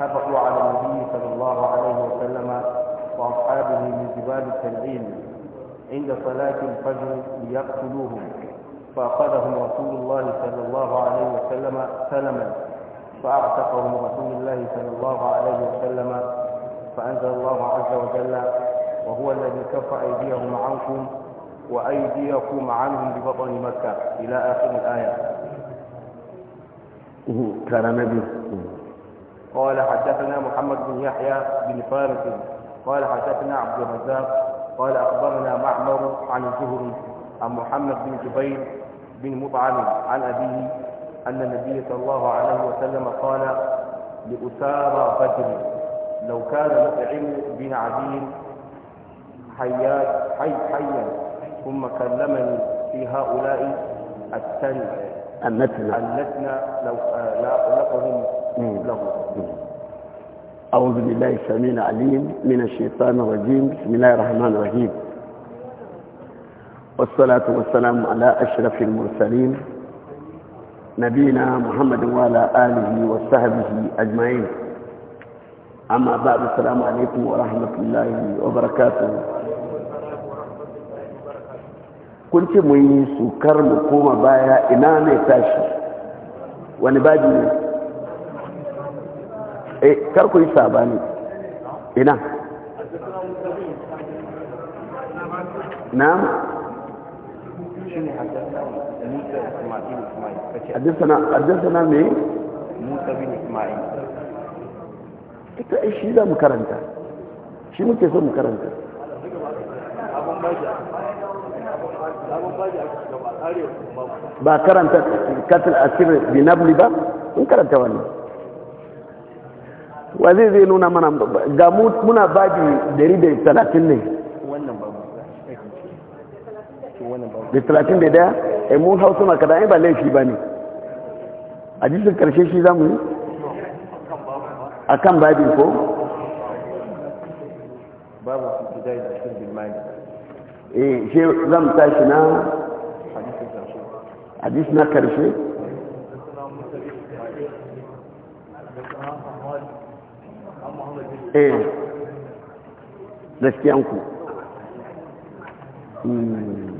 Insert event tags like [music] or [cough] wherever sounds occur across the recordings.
هبطوا على النبي صلى الله عليه وسلم وأصحابه من جبال التنعيم عند صلاة الفجر ليقتلوهم فأخذهم رسول الله صلى الله عليه وسلم سلما فأعتقهم رسول الله صلى الله عليه وسلم فأنزل الله عز وجل وهو الذي كف أيديهم عنكم وأيديكم عنهم ببطن مكة إلى آخر الآية كان نبي قال حدثنا محمد بن يحيى بن فارس قال حدثنا عبد الرزاق قال أخبرنا معمر عن الزهري عن محمد بن جبير بن مطعم عن أبيه أن النبي صلى الله عليه وسلم قال لاسارى فجر لو كان مطعم بن عدي حيا حي حيا ثم كلمني في هؤلاء التن التن لو آه، لقهم له أعوذ بالله السميع العليم من الشيطان الرجيم بسم الله الرحمن الرحيم والصلاة والسلام على أشرف المرسلين نبينا محمد وعلى آله وصحبه أجمعين أما بعد السلام عليكم ورحمة الله وبركاته كنت مي سكر مقوم بايا إنا تاشي ونبادي eh kar ku yi sabani ina na'am حدثنا حدثنا مين موسى بن ita shi za mu karanta shi muke so mu karanta ba karanta katil asir binabli ba in karanta wannan wa zai zai nuna mana ga muna babi 130 ne da 31 a eh, mun hausa maka da ba laifi ba ne a jisun karshe shi za mu yi a kan babi ko babu su ji da shi bin bilmani eh shi zan tashi na hadisi na karshe eh gaskiyanku ya hmm.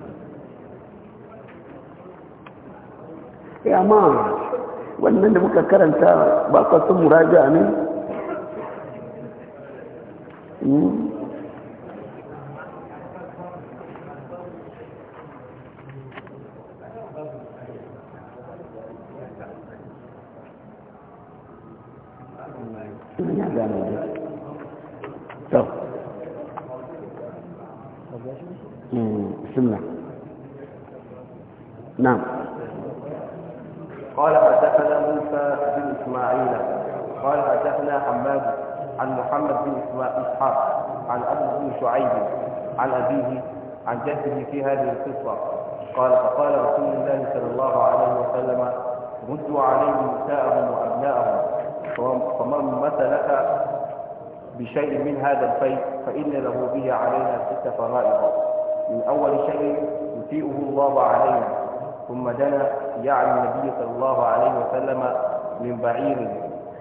eh, ma wannan da muka karanta ba kwasan muraja ne Yeah, hmm. بسم الله نعم قال حدثنا موسى بن اسماعيل قال حدثنا حماد عن محمد بن اسحاق عن ابي بن شعيب عن ابيه عن جده في هذه القصه قال فقال رسول الله صلى الله عليه وسلم ردوا عليهم نساءهم وابناءهم فمن لك بشيء من هذا الفيء فان له به علينا ست فرائض من أول شيء يطيئه الله علينا ثم دنا يعني النبي صلى الله عليه وسلم من بعير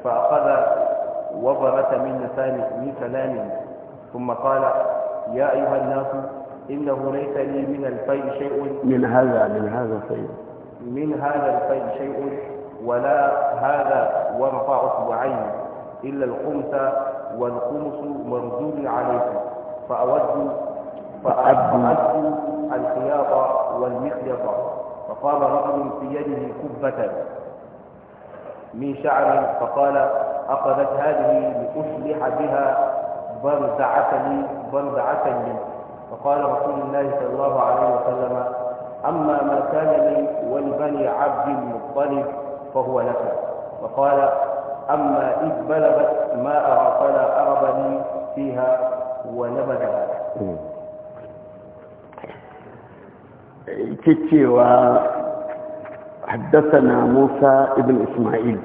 فأخذ وبرة من من سلام ثم قال يا أيها الناس إنه ليس لي من الفيء شيء من هذا من هذا الفيء من هذا الفيء شيء ولا هذا ورفع أصبعين إلا الخمس والخمس مردود عليكم فأود فأبدوا الخياط والمخيط فقام رجل في يده كبة من شعر فقال أخذت هذه لأصلح بها برزعة بردعتني فقال رسول الله صلى الله عليه وسلم أما ما كان لي ولبني عبد المطلب فهو لك فقال أما إذ بلغت ما أرى فلا أربني فيها ونبذها كتي وحدثنا موسى ابن إسماعيل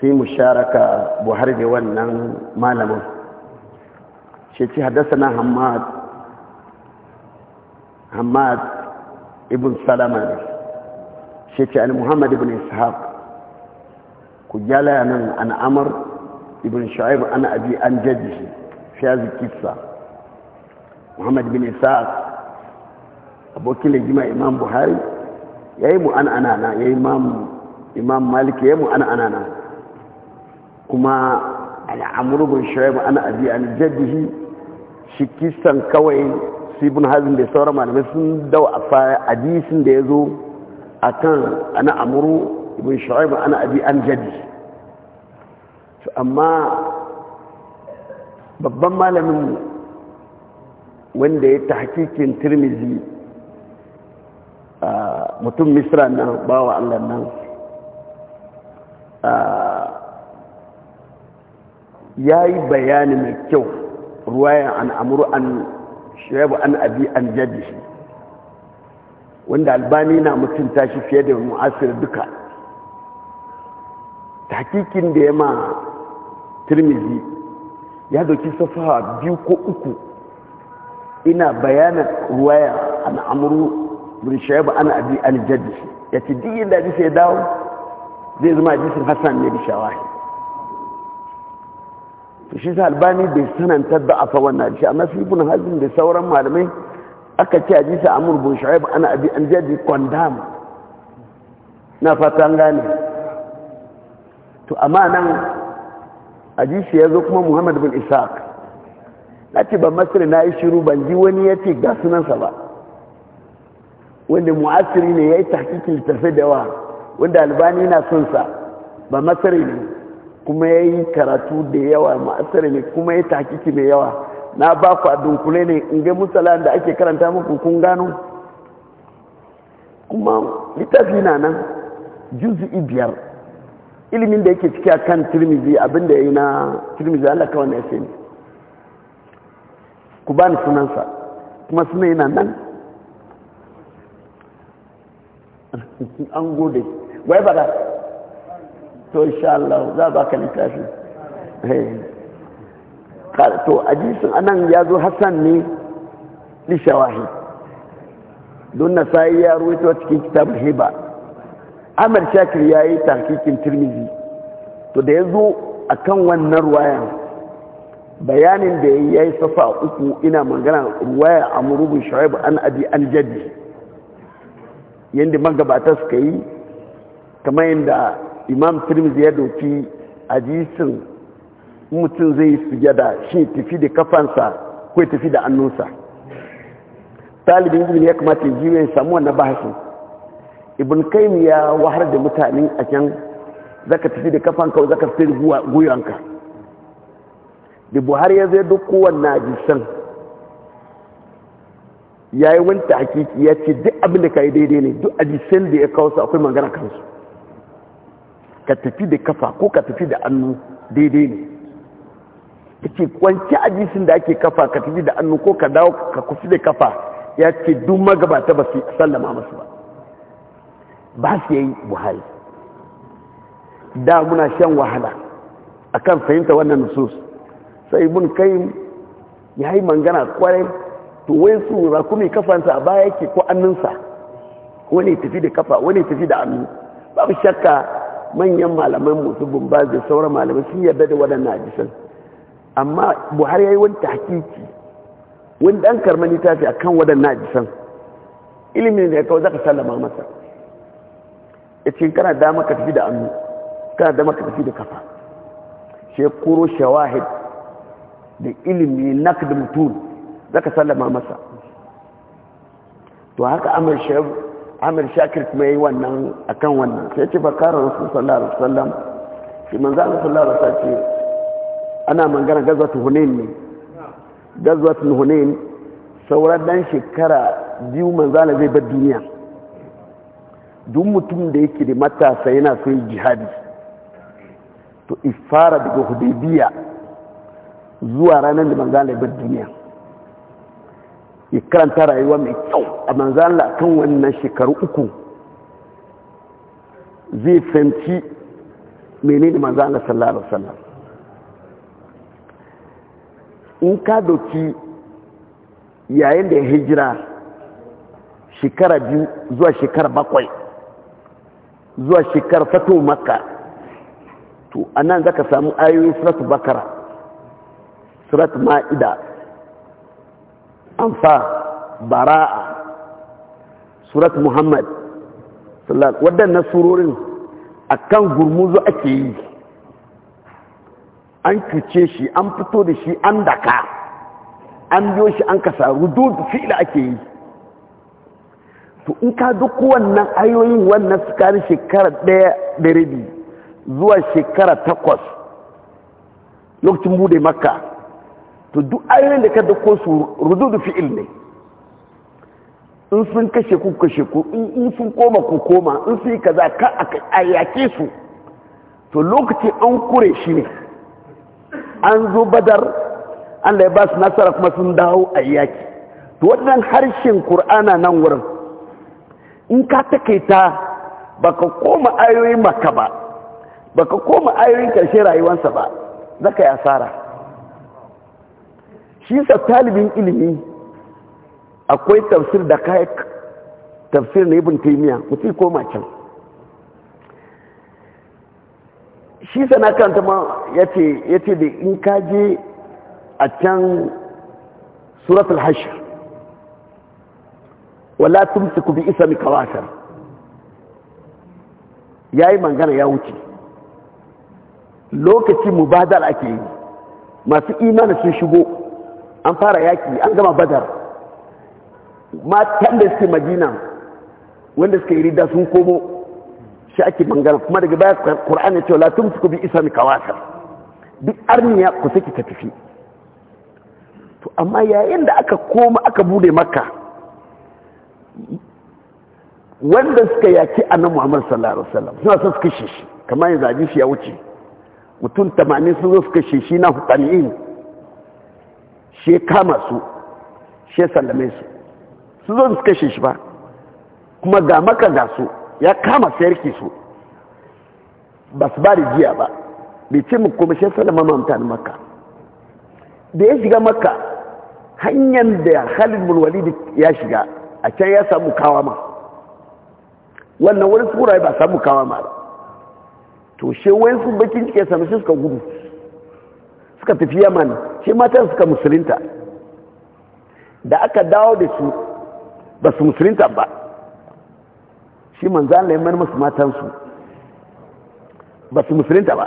في مشاركة بوهرد ونن مالما شتي حدثنا حماد حماد ابن سلامة شتي عن محمد ابن إسحاق كجالا أنا أمر ابن شعيب أنا أبي عن في هذه القصة محمد بن إسحاق abokin lejima imam buhari ya yi mu ana na ya yi imam maliki ya yi mu ana na kuma al'amurubin bin ma ana abi an jaddihi shi kistan kawai sibin hazin da sauran malamai sun dau a fara hadisin da ya zo a kan ana amuru bin shirai ma ana abi an jaddihi amma babban malamin wanda ya ta hakikin tirmizi mutum misra nan bawa allah nan ya yi bayani mai kyau ruwaya an amuru an shaibu an abi an jadi wanda albani na mutunta shi fiye da mu'asir duka hakikin da ya ma turmizi ya doki safawa biyu ko uku ina bayanan ruwaya an amuru bin shaibu ana abi aljaddi ya ce duk yadda hadisi ya dawo zai zama hadisin hassan ne da shawahi to shi sa albani bai sananta da afa wannan hadisi amma su ibn hazm da sauran malamai aka ce hadisi amur bin shaibu ana abi aljaddi kwandam na fatan gane to amma nan hadisi ya zo kuma muhammad bin isaac na ce ban masar na yi shiru ban ji wani ya ce ga sunansa ba wanda mu'asiri ne ya yi tahkikin tafi da wa wanda albani na son sa ba masari ne kuma ya yi karatu da yawa mu'asiri ne kuma ya yi tahkiki mai yawa na ba ku a dunkule ne in ga musala da ake karanta muku kun gano kuma littafi na nan juzu biyar ilimin da yake ciki a kan tirmizi abinda ya yi na tirmizi allah kawai na ya ku ba ni sunansa kuma suna yana nan [laughs] an gode wai ba to insha Allah za ba eh. ka littafi to hadisin anan ya zo Hassan ne li shawahi don nasai ya ruwaito cikin kitabul heba. Ahmad Shakir yayi tahqiqin Tirmidhi to da yazo kan wannan ruwayan bayanin da yayi safa uku ina magana ruwaya amru bin shu'aib an abi an jadi yadda magabata suka yi kamar yadda imam tirmidhi ya doki jisun mutum zai sujada shi tafi da kafansa ko tafi da annunsa talibin ilimi ya kamata ya jiwe samu wannan bahasin ibn kaim ya wahar da mutane a can zaka tafi da kafanka zaka tafi da guyanka da buhari ya zai duk kowanne hadisan ya yi wanta hakiki ya ce duk abin da ka yi daidai ne duk ajisai da ya kawo su akwai magana kansu ka tafi da kafa ko ka tafi da annu daidai ne ya ce kwanci ajisin da ake kafa ka tafi da annu ko ka dawo ka kufi da kafa ya ce duk magabata ba su sallama masu ba ba su yi buhari da muna shan wahala akan fahimta wannan nusus sai mun kai ya yi mangana kwarai to wai su rakumi kafansa a baya yake ko annunsa wani tafi da kafa wani tafi da annu babu shakka manyan malaman musu bumbaz da sauran malamai sun yarda da waɗannan hadisan amma buhari ya yi wani tahkiki wani ɗan karmani ta fi a kan waɗannan hadisan ilimin da ya kawo za ka sallama masa ya ce kana dama ka tafi da annu kana dama ka tafi da kafa shekuru shawahid da ilimi nakd mutum zaka sallama masa to haka amir shakir kuma ya yi wannan akan wannan sai ce fakarar rasul sallallahu alaihi wasallam shi manzo Allah sallallahu alaihi wasallam ce ana mangana gazwat hunain ne gazwat hunain sauran dan shekara biyu manzo Allah zai bar duniya duk mutum da yake da matasa yana so jihadi to ifara daga hudaybiya zuwa ranar da manzo Allah ya bar duniya ya karanta rayuwa mai kyau a manzan Allah kan wannan shekaru uku zai fahimci menene manzan Allah sallallahu alaihi in ka doki yayin da ya hijira shekara biyu zuwa shekara bakwai zuwa shekara fato maka to anan zaka samu ayoyin suratu bakara suratu ma'ida an fa bara'a surat muhammad waɗannan surorin a kan gurmuzu ake yi an kice shi an fito da shi an daka an biyo shi an kasa rudu fi'ila ake yi to in ka duk wannan ayoyin wannan sukari shekara ɗaya da rabi zuwa shekara takwas lokacin bude makka to duk ayoyin da ka dauko su rududu fi'il ne in sun kashe ku kashe ku in sun koma ku koma in sun yi kaza ka a yake su to lokaci an kure shi ne an zo badar da ya ba su nasara kuma sun dawo a yaki to wannan harshen kur'ana nan wurin in ka takaita ka koma ayoyin maka ba ba ka koma ayoyin karshe rayuwarsa ba za ka yi asara shi sa talibin ilimi akwai tafsir da kai tafsir na ibn taymiya mutum koma can shi sa na kanta ma yace yace da in ka je a can suratul hashr wala tumsiku bi ismi Ya yayi mangana ya wuce lokaci mubadar ake yi masu imani sun shigo an fara yaki an gama badar matan da suke madina wanda suka yi rida sun komo shi ake bangana kuma daga baya ƙura'an ya ce latin tun suku bi isa mi kawasar duk arniya ku saki ta tafi to amma yayin da aka koma aka bude makka wanda suka yaki nan muhammadu sallallahu alaihi wasallam suna son suka kashe shi kamar yanzu shi ya wuce mutum 80 sun zo suka shi shi na hutani'in shi kama su shi sallame su su zo su kashe shi ba kuma ga maka ga su ya kama su yarki su ba su ba da jiya ba bai ce mu kuma shi sallama mamtan maka da ya shiga maka hanyar da halin mulwali ya shiga a can ya samu kawama wannan wani tsura ba samu kawama ba to shi wani sun bakin cike shi suka gudu suka tafi yaman shi matan suka musulinta da aka dawo da su ba su musulinta ba shi manzan laimar masu matansu ba su musulinta ba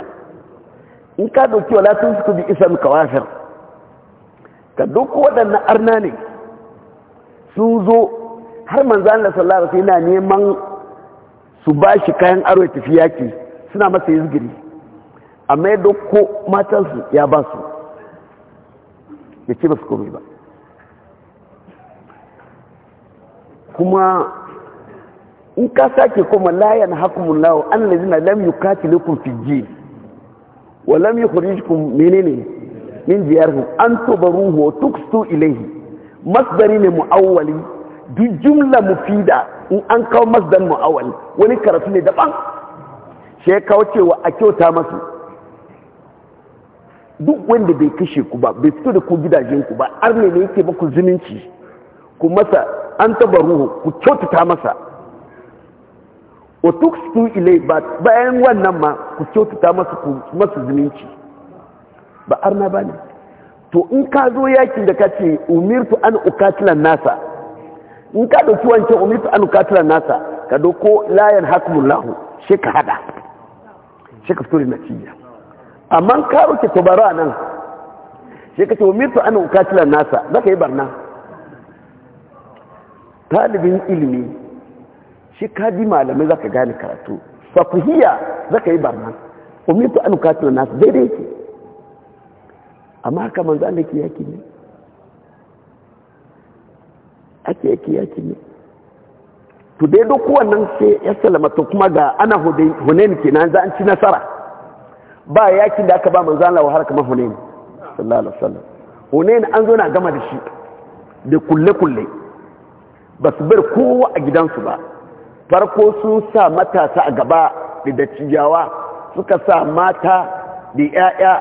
in ka dauki walatun su bi isan kawafir ka duk waɗannan arna ne sun zo har manzan da sallara sai na neman su ba shi kayan aro tafi yaki suna masa yi zigiri amma ya matansu ya ba su ya ce ba su komai ba kuma in ka sake kuma layan hakumun lawo an na lam yi katilukun fiji wa lam yi kurishikun menene min hu an ruhu wa tukstu ilaihi masdari ne mu'awwali duk jumla mufida in an kawo masdan mu'awwali wani karatu ne daban shi ya kawo cewa a kyauta masu duk wanda bai kashe ku ba bai fito da ku gidajen ku ba har ne yake ba ku zumunci ku masa an taba ruhu ku kyautata masa otuk su ilai ba bayan wannan ma ku kyautata masa ku masa zumunci ba arna ba ne to in ka zo yakin da ka ce umirtu an ukatilan nasa in ka dauki wancan umirtu an ukatilan nasa ka doko layan hakumullahu lahu shi ka hada shi ka fito da natija amma ka roke tubara nan shi ka ce umirtu an ukatilan nasa za ka yi barna talibin ilimi shi ka ji malamai za ka gane karatu fakuhiya za ka yi barna umirtu an ukatilan nasa daidai ke. amma haka manzo Allah ke yaki ne ake yaki yaki ne to dai duk wannan sai ya salama to kuma ga ana hunain kenan za an ci nasara ba yakin da aka ba manzo Allah har kamar Hunain sallallahu alaihi wasallam an zo na gama da shi da kulle kulle ba su bar kowa a gidansu ba farko sun sa matasa a gaba da dattijawa suka sa mata da 'ya'ya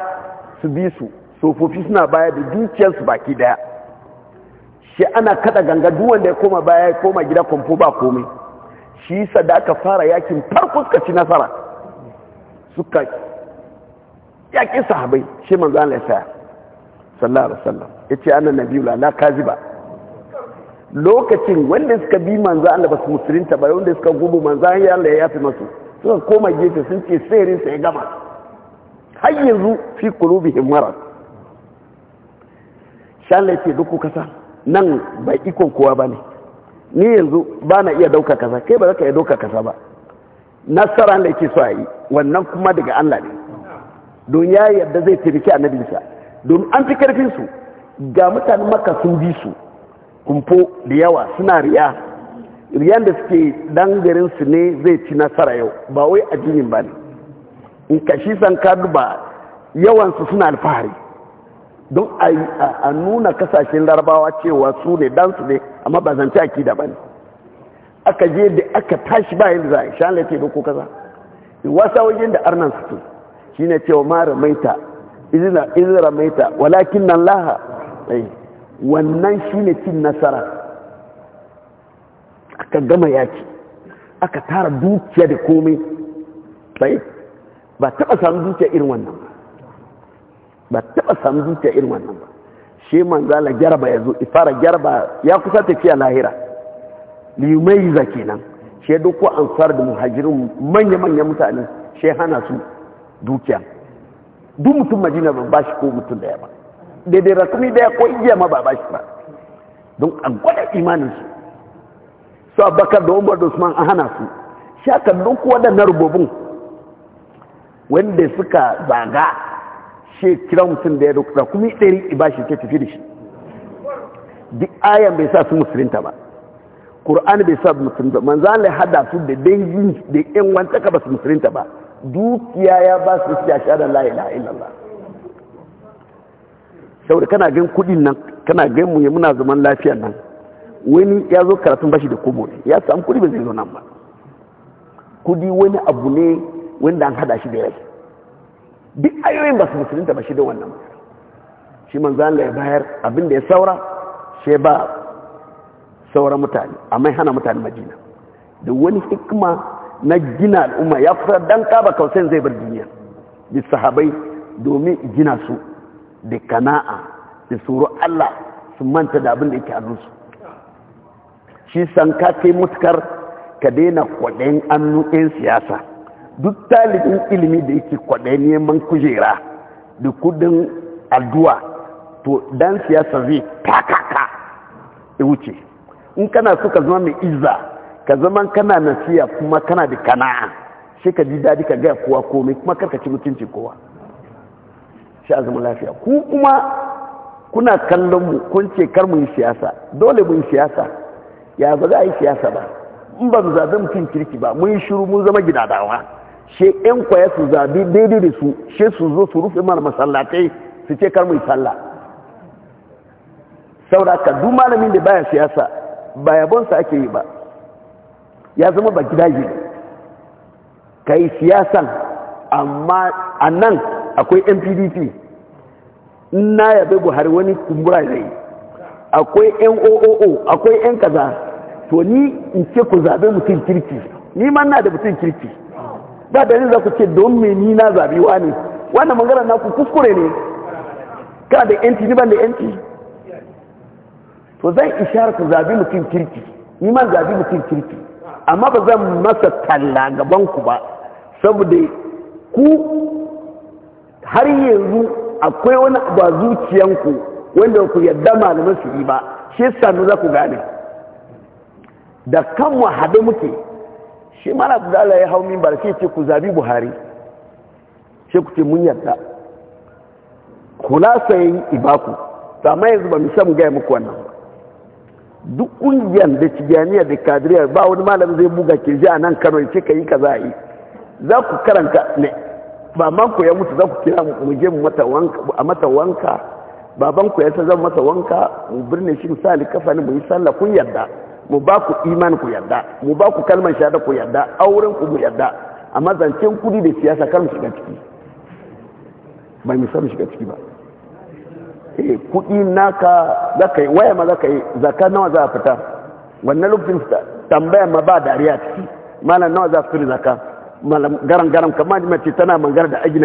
su bi su sofofi suna baya da dukiyarsu baki daya shi ana kada ganga duk wanda ya koma baya ya koma gida kwamfo ba komai shi sadaka fara yakin farko suka ci nasara suka ya ƙi sahabai shi manzo Allah ya saya sallallahu alaihi wasallam yace anna nabiyyu la kaziba lokacin wanda suka bi manzo Allah ba su musulunta ba wanda suka gubu manzo Allah ya yafi masu suka koma gefe sun ce sirrin sai gama har yanzu fi qulubihim marad shan laifi duk kasa nan ba ikon kowa ba ne ni yanzu ba na iya dauka kasa kai ba za ka iya dauka kasa ba nasara da so a yi wannan kuma daga Allah ne don ya yarda zai taimaki annabinsa don an fi karfin su ga mutanen maka sun bi su kumfo da yawa suna riya riyan da suke dan garin ne zai ci nasara yau ba wai addinin ba ne in kashi san ka duba yawan su suna alfahari don a nuna kasashen larabawa cewa su ne dan su ne amma ba zance akida ba ne aka je da aka tashi bayan da za a shan laifin ko kaza wasa wajen da arnan su shi ne cewa ma ramaita izin ramaita walakin nan laha eh, wannan shi ne cin nasara aka gama yaki aka tara dukiya da komai bai ba taba samun dukiya irin wannan ba ba taba samu dukiya irin wannan ba shi manzala jaraba ya zo ifara jaraba ya kusa tafiya lahira limai za kenan shi doko an ansar da muhajirin manya-manya mutane shi hana su dukiya duk mutum madina ba ba shi ko mutum daya ba daidai rakumi daya ko igiya ma ba ba shi ba don a gwada imanin su su abakar da umar da usman an hana su shakan duk waɗannan rububin wanda suka zaga shi kira mutum da ya rakumi ɗari ibashi ta tafi da shi duk ayan bai sa su musulinta ba ƙur'ani bai sa musulunta manzan lai hada su da dangin da yan ka ba su musulinta ba dukiya ya ba su suke a shaɗar la'ila illallah saboda kana gan kudin nan kana gan mu muna zaman lafiya nan wani ya zo karatun bashi da kobo ya samu kudi ba zo nan ba kudi wani abu ne wanda an hada shi da rai duk ayoyin ba su musulunta ba shi da wannan shi manzan ya bayar abin da ya saura shi ba sauran mutane amma hana mutane majina da wani hikima na gina al'umma ya fi dan kaba kausain zai bar duniya da sahabai domin gina su da kana'a da tsoro Allah su manta da abin da yake hannunsu shi san ka kai mutukar ka daina kwaɗayin annu 'yan siyasa duk talibin ilimi da yake kwaɗayin neman kujera da kudin addu'a to dan siyasa zai takaka ya wuce in kana suka zama mai izza ka zama kana nasiya kuma kana da kana'a shi ka ji daɗi ka gaya kowa komai kuma karka ci mutunci kowa shi a zama lafiya ku kuma kuna kallon mu kun ce kar mu yi siyasa dole mu yi siyasa ya ba za a yi siyasa ba in ba mu zaɓi mutum kirki ba mun yi shiru mun zama gidadawa shi yan kwaya su zaɓi daidai da su shi su zo su rufe mana masallatai su ce kar mu yi sallah saboda ka duk malamin da baya siyasa ba yabonsa ake yi ba ya zama ba gida ne ka yi siyasan amma a nan akwai npdp na yabe buhari wani kumbura zai akwai yan akwai yan kaza to ni in ce ku zabe mutum kirki ni ma na da mutum kirki ba da za ku ce don me ni na zabi wani wannan magana na ku kuskure ne kana da yanci ni ban da yanci to zan ishara ku zabi mutum kirki ni ma zabi mutum kirki amma ba zan masa talla gabanku ba saboda ku har yanzu akwai wani ba zuciyanku wanda ku yadda malaman su yi ba shi sanu za ku gane da kanmu haɗe muke shi mara ya hau mimbar shi ce ku zabi buhari shi ku ce mun yarda kula sayan ibaku amma yanzu ba mu gaya muku wannan duk kungiyar da tijaniya da kadiriya ba wani malam zai buga kirji a nan kano ce ka yi ka za a yi za ku karanta ne man ku ya mutu za ku kira mu je a mata wanka baban ku ya san zan mata wanka mu birni shi misali kafa ne mu yi sallah kun yarda mu ba ku iman ku yarda mu ba ku kalmar shada ku yarda auren ku mu yarda amma zancen kudi da siyasa kar mu shiga ciki ba mu san shiga ciki ba eh kudi naka zaka yi waya ma zaka yi nawa za a fita wannan lokacin tambaya ma ba dariya ciki malam nawa za su fita malam garan garan kamar mace tana mangara da bi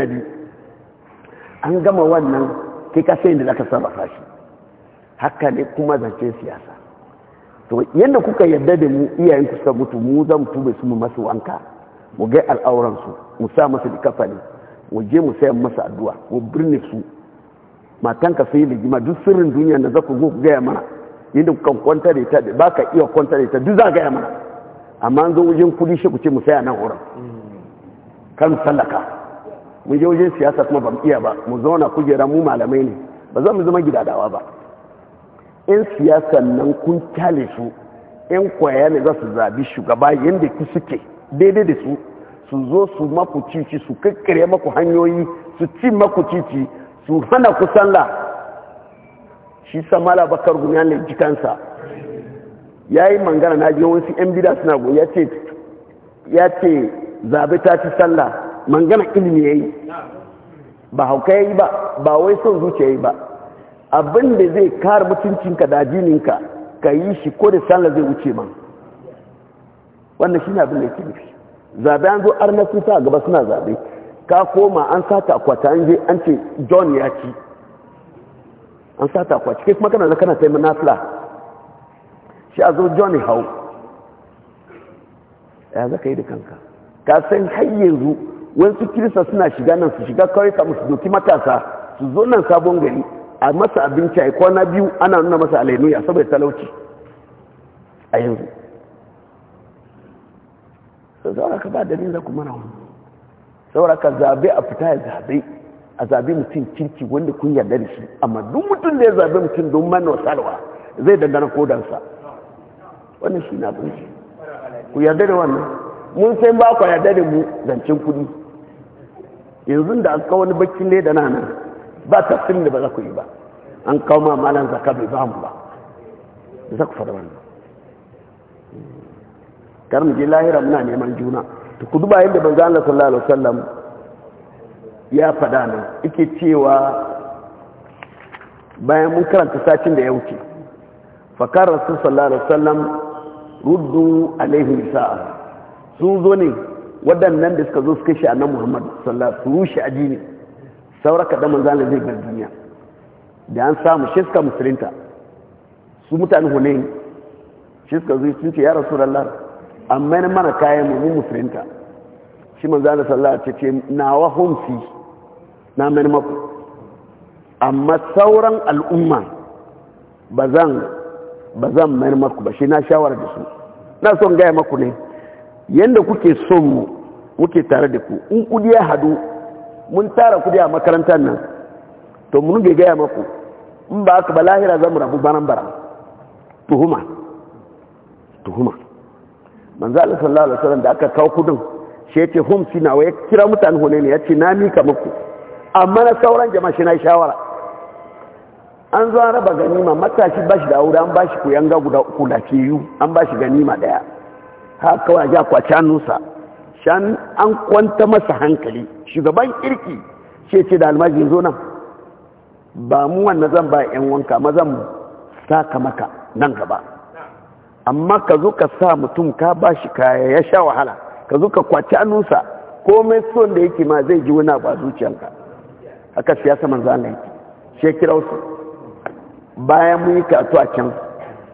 an gama wannan kai ka sai da zaka saba shi haka ne kuma zance siyasa to yadda kuka yarda da mu iyayen ku sa mutu mu zan tuba su mu masu wanka mu ga al'auran su mu sa masu likafani mu je mu sayan masa addu'a mu birne su matan ka sai ligima duk sirrin duniya na za ku zo ku gaya mana inda kan kwanta da ita ba ka iya kwanta da ita duk za gaya mana amma an zo wajen kudi shi ku ce mu saya nan wurin kan sallaka mun je wajen siyasa kuma mu iya ba mu zauna gera mu malamai ne ba za mu zama gidadawa ba in siyasa nan kun kyale su in kwaya ne za su zabi shugaba yadda ku suke daidai da su su zo su maku cici su kakkare maku hanyoyi su ci maku cici su hana ku sallah shi samala bakar gumiya ne jikansa ya yi mangana na biyo wasu yan bida suna go ya ce zabe ta ci sallah mangana ilimi ya yi ba hauka ya yi ba ba wai son zuciya ya yi ba abin da zai kare mutuncinka da jininka ka yi shi ko da salla zai wuce ma wannan shi ne abin da ya ke nufi zabe an zo arna sun sa gaba suna zabe ka koma an sata akwata an je an ce john ya ci an sata akwata kai kuma kana na kana taimun nafila shi a zo john hau ya za ka yi da kanka ka san har yanzu wasu kirista suna shiga nan su shiga kawai ta musu doki matasa su zo nan sabon gari a masa abinci a yi kwana biyu ana nuna masa alainuya saboda talauci a yanzu sau zaura ka ba dalilin za ku mara wani saboda ka zabe a fita ya zabe a zabe mutum kirki wanda kun yarda da shi amma duk mutum da ya zabe mutum don mana wasarwa zai dangana kodansa wannan shi na abin ku yarda da wannan mun sai ba ku yarda da mu zancen kuɗi yanzu da an kawo wani bakin ne da nan ba tafsirin da ba za ku yi ba an kawo ma malan zaka bai ba mu ba za ku faɗa wannan kar ji lahira muna neman juna ta kudu bayan yadda manzo Allah sallallahu alaihi wasallam ya faɗa ne ike cewa bayan mun karanta satin da ya wuce fakar rasu sallallahu alaihi wasallam ruddu alaihi sa'a sun zo ne waɗannan da suka zo suka shi annabi Muhammad sallallahu alaihi wasallam rushe jini sauraka da manzo Allah zai bar duniya da an samu shi suka musulunta su mutanen Hunayn shi suka zo sun ce ya rasu rasulullah amma yana mana kayan mu mu musulunta shi manzo Allah sallallahu alaihi ce nawa hum fi na mai maku amma sauran al'umma ba zan mai maku ba shi na shawara da su na son gaya maku ne yadda kuke son mu kuke tare da ku in kudi ya hadu mun tara kudi a makarantar nan to mun ga gaya maku in ba aka ba lahira zamu rabu baran baran tuhuma tuhuma manzo Allah sallallahu alaihi wasallam da aka kawo kudin shi yace hum sina wa ya kira mutane hune ne yace na mika muku amma na sauran jama'a shi na shawara an zo an raba ganima matashi bashi da aure an bashi kuyanga guda uku da ke yu an bashi ganima daya ha kawai ja kwaci shan an kwanta masa hankali shugaban kirki shi ce da almaji zo nan ba mu wannan zan ba yan wanka mazan saka maka nan gaba amma ka zo ka sa mutum ka ba shi kaya ya sha wahala ka zo ka kwaci ko komai son da yake ma zai ji wani abu a haka siyasa manzo Allah yake shi kira su bayan mun yi karatu a can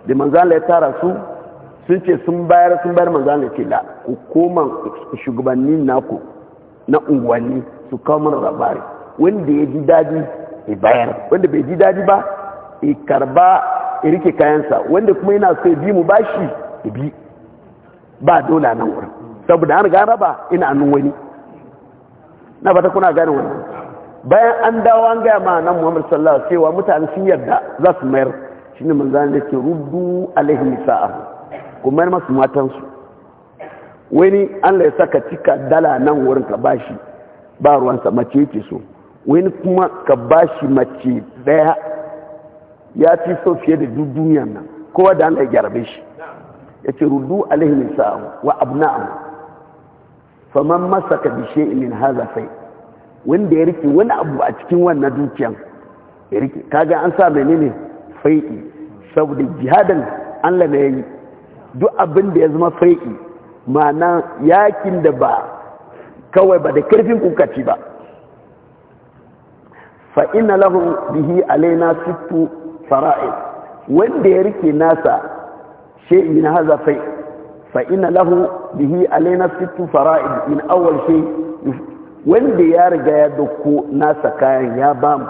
da manzo Allah ya tara su sun ce sun bayar sun bayar manzo Allah ce la ku koma shugabannin naku na unguwanni su kawo mana labari wanda ya ji dadi ya bayar wanda bai ji dadi ba ya karba ya rike kayansa wanda kuma yana so ya bi mu bashi ya bi ba dole nan wurin saboda an riga ba ina annun wani na ba ta kuna gani wani bayan an dawo an gaya ma nan muhammad sallallahu alaihi cewa mutane sun yarda za su mayar shine manzan da ke rubu alaihi sa'a kuma masu su wani Allah ya saka cika dala nan wurin ka bashi ba ruwansa mace yake so wani kuma ka bashi mace daya ya fi so fiye da duk duniyan nan kowa da Allah shi ya ce rudu alaihi nisa'u wa abu abna'u faman masa ka bishe min haza sai wanda ya rike wani abu a cikin wannan dukiyan ya rike kaga an sa mai ne fai'i saboda jihadan lana ya yayi duk abin da ya zama fai'i ma'ana yakin da ba kawai ba da karfin kukaci ba fa'ina inna lahum bihi alaina sittu fara'id wanda ya rike nasa shay min hadha fa fa inna lahu bihi alaina sittu fara'id min awwal shay wanda ya riga ya dauko nasa kayan ya ba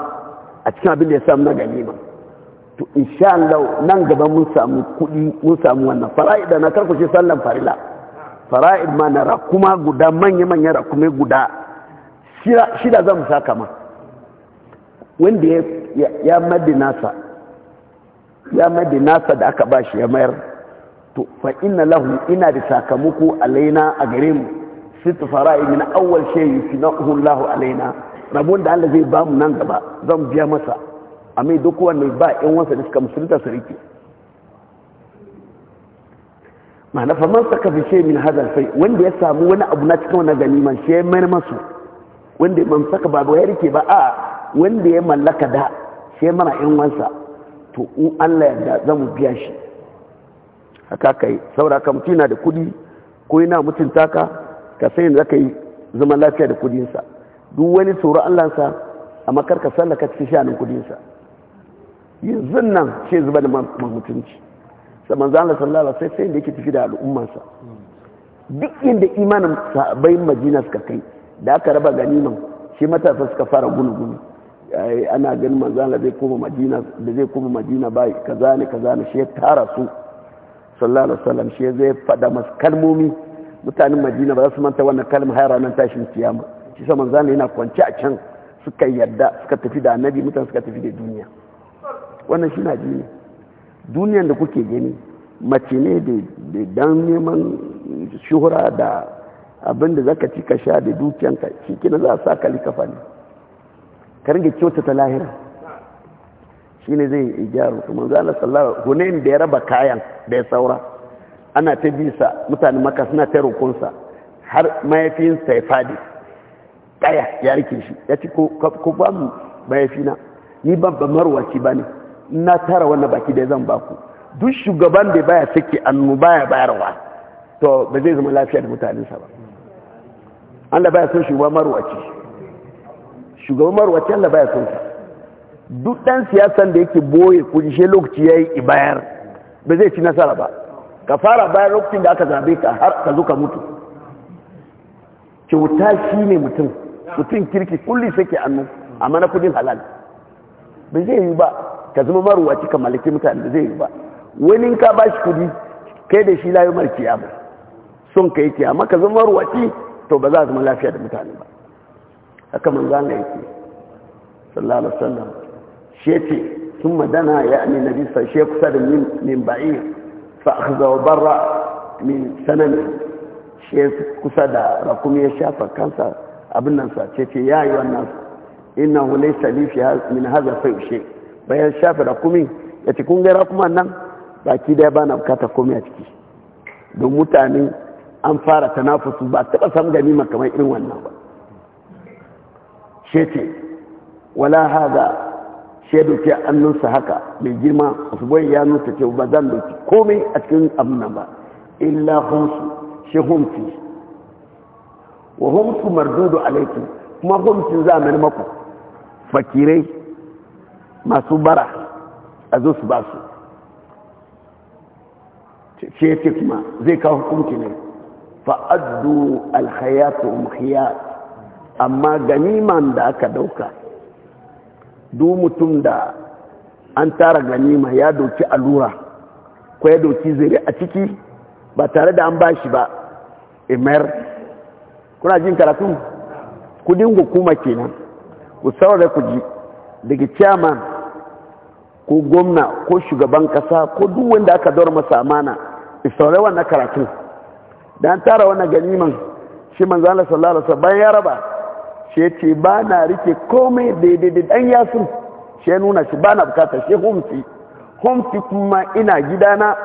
a cikin abin da ya samu na ganima to insha Allah nan gaba mun samu kudi mun samu wannan fara'id na shi sallan farila fara'id ma na rakuma guda manya manya rakume guda shida zan saka ma wanda ya maddi nasa ya mai da nasa da aka ba shi ya mayar to fa inna lahu ina da sakamako alaina a gare mu situ fara'i min awwal shay yusnahu lahu alaina rabon da Allah zai ba mu nan gaba zan biya masa amma duk wanda ba ɗan wasa da suka musulunta su rike ma'ana fa man saka fi min hadal sai wanda ya samu wani abu na cikin wannan ganiman shi ya mayar masu wanda man saka ba ba ya rike ba a wanda ya mallaka da shi mana ɗan wansa to in Allah ya da zamu biya shi haka kai saura ka mutu da kudi ko yana mutunta ka ka sai da kai zaman lafiya da kudinsa duk wani tsoro sa a makar ka sallaka cikin shanin sa yanzu nan ce zuba da mutunci sai manzo Allah sallallahu alaihi wasallam da yake tafi da sa duk inda imanin sahabbai Madina suka kai da aka raba ganiman shi matasa suka fara gulu-gulu ana ganin manzan da zai koma madina da zai koma madina ba kaza ne kaza ne shi ya tara su sallallahu alaihi wasallam shi zai fada masu kalmomi mutanen madina ba za su manta wannan kalma har ranar tashin kiyama shi sa manzan yana kwance a can suka yadda suka tafi da annabi mutane suka tafi da duniya wannan shi na dini duniyan da kuke gani mace ne da dan neman shuhura da abin da zaka ci ka sha da dukiyanka shi kina za a sa kali kafa ne ga kyauta kyautata lahira shine zai gyaru kuma zala sallallahu hunain da ya raba kayan da ya saura ana ta bisa mutane maka suna ta rukunsa har mahaifinsa ya fadi kaya ya rike shi ya ci ko ba mu mayafina ni ban ba marwaci ba ne na tara wannan baki da zan baku duk shugaban da baya sake annu baya bayarwa to ba zai zama lafiya da mutanensa ba Allah baya son shugaba marwaci shugaban marwaci Allah baya son sa duk ɗan siyasan da yake boye she lokaci yayi ibayar ba zai ci nasara ba ka fara bayan lokacin da aka zabe ka har ka zo ka mutu kyauta ne mutum mutum kirki kulli sake annu amma na kudin halal ba zai yi ba ka zama maruwaci ka malaki mutane ba zai yi ba wani ka ba shi kudi kai da shi layu marki ba son ka yi amma ka zama maruwaci to ba za a zama lafiya da mutane ba haka manzo Allah yake sallallahu alaihi wasallam shi yace thumma dana ya'ni nabi bisa shi kusa da min min ba'ir fa akhadha wa barra min sanan shi kusa da rakumi ya shafa kansa abin nan sa ce ce ya yi wannan innahu laysa li fi min haza sai shi bayan shafa rakumi ya ci kun ga rakuman nan baki daya ba na bukata komai a ciki don mutane an fara tanafusu ba taɓa samu ganima kamar irin wannan ba شيتي ولا هذا شيدك أن ننسى هكا بالجرمة أصبعي يا ننسى وبدان بك قومي أتكلم أبنى إلا خمس شهم في وهم مردود عليكم ما هم سنزام المكو فكيري ما سبرا أزوس باسو شيتي ما زي كاو كنين فأدوا الخيات ومخيات amma ganiman da aka dauka duk mutum da an tara ganima ya doki allura ko ya doki zire a ciki ba tare da an bashi ba emir kuna jin karatu kudin hukuma kenan ku saurara ku ji daga chairman ko gwamna ko shugaban kasa ko duk wanda aka daura masa amana isaure wannan karatu an tara wannan ganiman shi manzana sallallahu alaihi wasallam bayan ya raba shi ya ce ba na rike komai daidai da ɗan yasu shi ya nuna shi ba na bukatar shi homsi homsi kuma ina gidana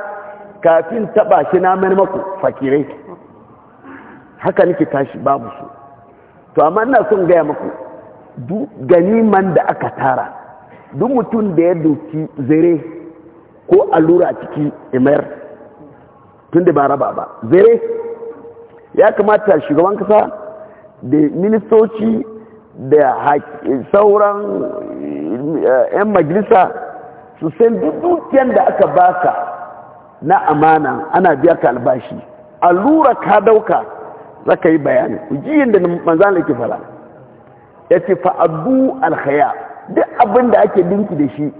kafin taɓa shi na mai maku fakirai haka nake tashi babu su to amma ina son gaya maku ganiman da aka tara duk mutum da ya doki zere ko allura a ciki emir tun da ba raba ba zere ya kamata shugaban kasa da ministoci da sauran eh, 'yan majalisa su san duk dukiyar da aka baka na amana ana biya ka albashi allura ka dauka za ka yi bayani jiyin da manzan da ke fara ya ce fa'addu alkhaya duk abin da ake dinki da shi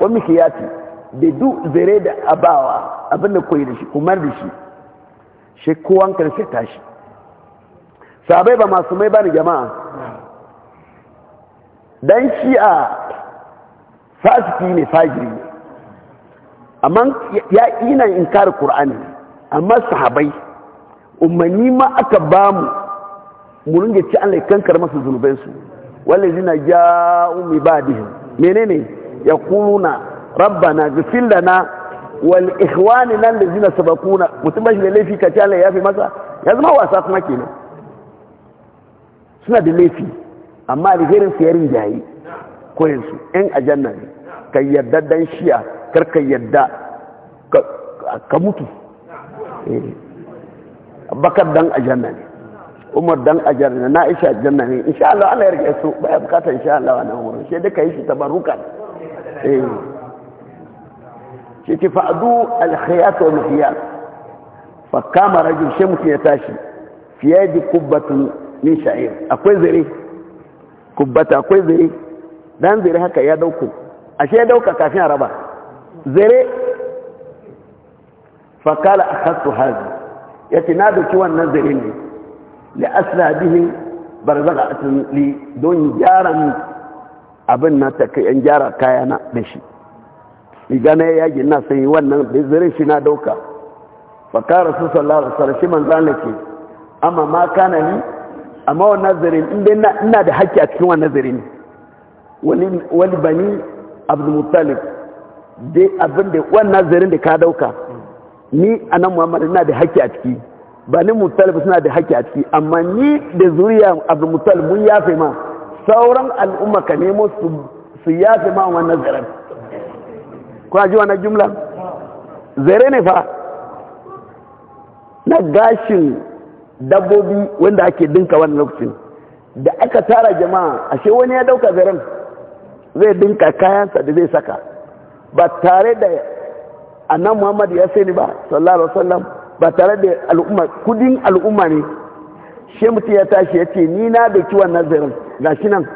walmikiyati da duk zere da abawa abin da koyi da shi kumar da shi shi da karshe tashi sabai ba masu mai bani jama'a dan shi'a fasiki ne fajiri ne amma ya ina inkar qur'ani amma sahabai ummani ma aka bamu mu ringe ci Allah kankar masu zunubai su wallazina ja'u mi ba'dihim menene yaquluna rabbana ghfir lana wal ikhwanina allazina sabaquna mutum ba shi da laifi ka ci Allah ya fi masa ya zama wasa kuma kenan suna da laifi amma alherin su yarin jayi koyinsu yan ajanna ne ka yadda dan shiya kar ka yadda ka mutu eh. bakar dan ajanna ne umar dan ajanna na isha ajanna ne insha Allah Allah ya rike su baya bukatar insha Allah wannan umar sai dai ka yi shi tabarrukan eh shi fa'adu al-khiyat wa al-khiyat fa kama rajul shamsi ya tashi fiye da kubbatun min sha'ir akwai zire kubbata akwai zire dan zire haka ya dauko ashe ya dauka kafin araba zire fakala akhadtu hazi yace na dauki wannan zire ne li asla bihi barzaga li don gyara abin na ta kai an gyara kayana da shi riga ya yaji na sai wannan da zire shi na dauka fakara su sallallahu alaihi wasallam shi manzo Allah amma ma kana ni amma wannan nazarin inda ina da haƙƙi a cikin wannan nazarin wani bani abdulmuttalib dai abin da wannan nazarin da ka dauka ni a nan muhammadu ina da haƙƙi a ciki bani mutalib suna da haƙƙi a ciki amma ni da zuriya mutalib mun yafe ma sauran al'umma ka nemo su yafe ma wannan nazarin kuna ji wani jumla zare ne fa na gashin dabbobi wanda ake dinka wani lokacin da aka tara jama'a ashe wani ya dauka zaren zai dinka kayansa da zai saka ba tare da annan muhammad ya sani ba sallallahu wasallam ba tare da al'umma kudin al'umma ne shi mutum ya tashi ya ce ni na da kiwon nazarin shi nan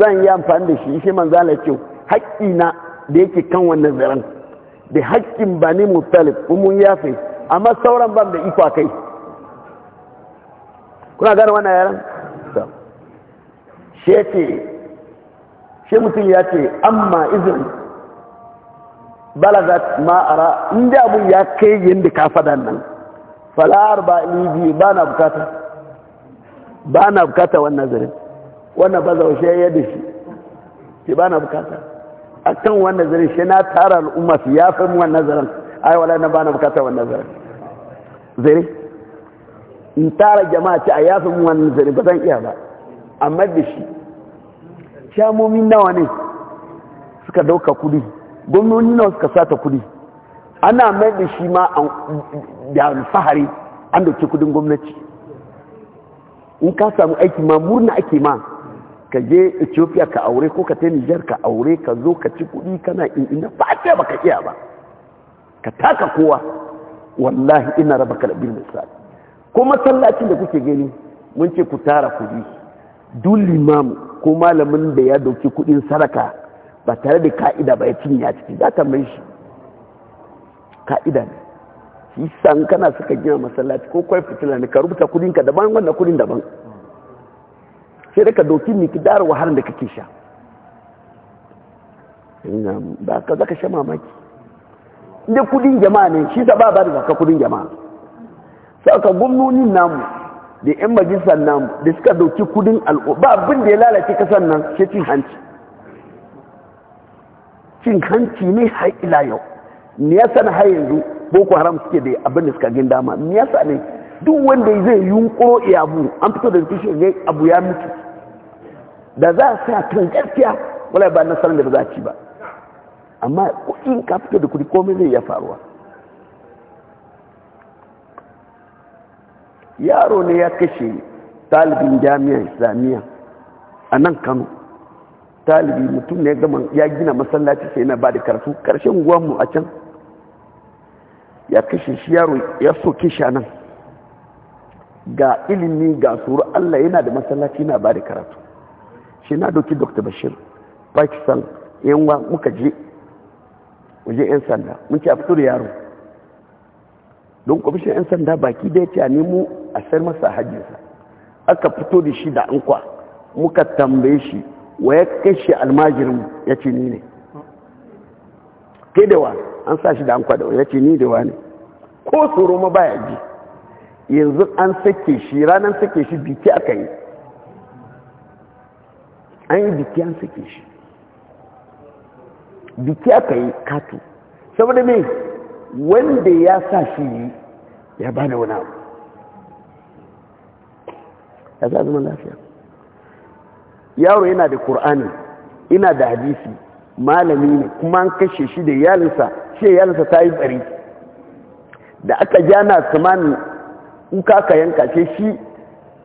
zan yi amfani da shi shi manzan da kyau haƙƙi na da yake kan wannan zaren da haƙƙin bani mutalib mun yafe amma sauran ban da iko kai kuna gane wannan yaran shi yake shi mutum ya ce amma izin balagat ma'ara inda abun ya kai yadda ka faɗa nan fala'ar ba libi ba na bukata ba na bukata wannan zirin wannan ba zaushe ya yadda shi ke ba na bukata a kan wannan zirin shi na tara al'umma su ya fi wannan zirin ai wala na ba na bukata wannan zirin zirin in tara jama'a ce a yafin wannan zane ba zan iya ba amma da shi shamomi nawa ne suka dauka kudi gwamnoni nawa suka sata kudi ana mai da shi ma da alfahari an dauki kudin gwamnati in ka samu aiki ma murna ake ma ka je ethiopia ka aure ko ka tai nijar ka aure ka zo ka ci kudi kana in ina ba a ba ka iya ba ka taka kowa wallahi ina raba karɓar misali ko masallacin da kuke gani mun ce ku tara kudi dun limam ko malamin da ya dauki kuɗin saraka ba tare da ka'ida ba ya cinye a ciki za ka mai shi ka'ida ne shi san kana suka gina masallaci ko kwai fitila ne ka rubuta kudin ka daban wannan kuɗin daban sai da ka dauki wa wahalar da kake sha ba ka zaka sha mamaki inda kuɗin jama'a ne shi da ba ba da zaka kuɗin jama'a aka gwamnoni namu da 'yan majalisar namu da suka dauki kudin al'umma abin da ya lalace kasar nan shi cin hanci cin hanci ne har ila yau me ya har yanzu boko haram suke da abin da suka gin dama ne yasa ne duk wanda zai yunkuro iya an fito da kishi ne abu ya mutu da za a sa tun gaskiya wala ba nasarar da ba za a ci ba amma in ka fito da kudi komai zai iya faruwa yaro ne ya kashe talibin jami'ar islamiyya a nan kano talibi mutum ne gama ya gina masallaci sai na ba da karatu karshen guwanmu a can ya kashe shi yaro ya so shi nan ga ilimi ga tsoro allah yana da masallaci na ba da karatu shi na doki dr bashir pakistan yanwa muka je waje 'yan sanda mun ce a fito da yaro don kwamishin 'yan sanda baki da ya ce a nemo a sayar masa hajjinsa aka fito da shi da kwa muka tambaye shi wa ya kashe almajirin ya ce ni ne kai da wa an sa shi da ankwa da wa ya ce ni da wa ne ko tsoro ma baya ji yanzu an sake shi ranar sake shi biki aka yi an yi biki an sake shi biki aka yi katu saboda mai wanda ya sa shi yi ya ba da wani abu ya za zama lafiya yaro yana da ƙur'ani ina da hadisi malami ne kuma an kashe shi da yalinsa shi yalinsa ta yi bari da aka jana samani kuka aka yanka ce shi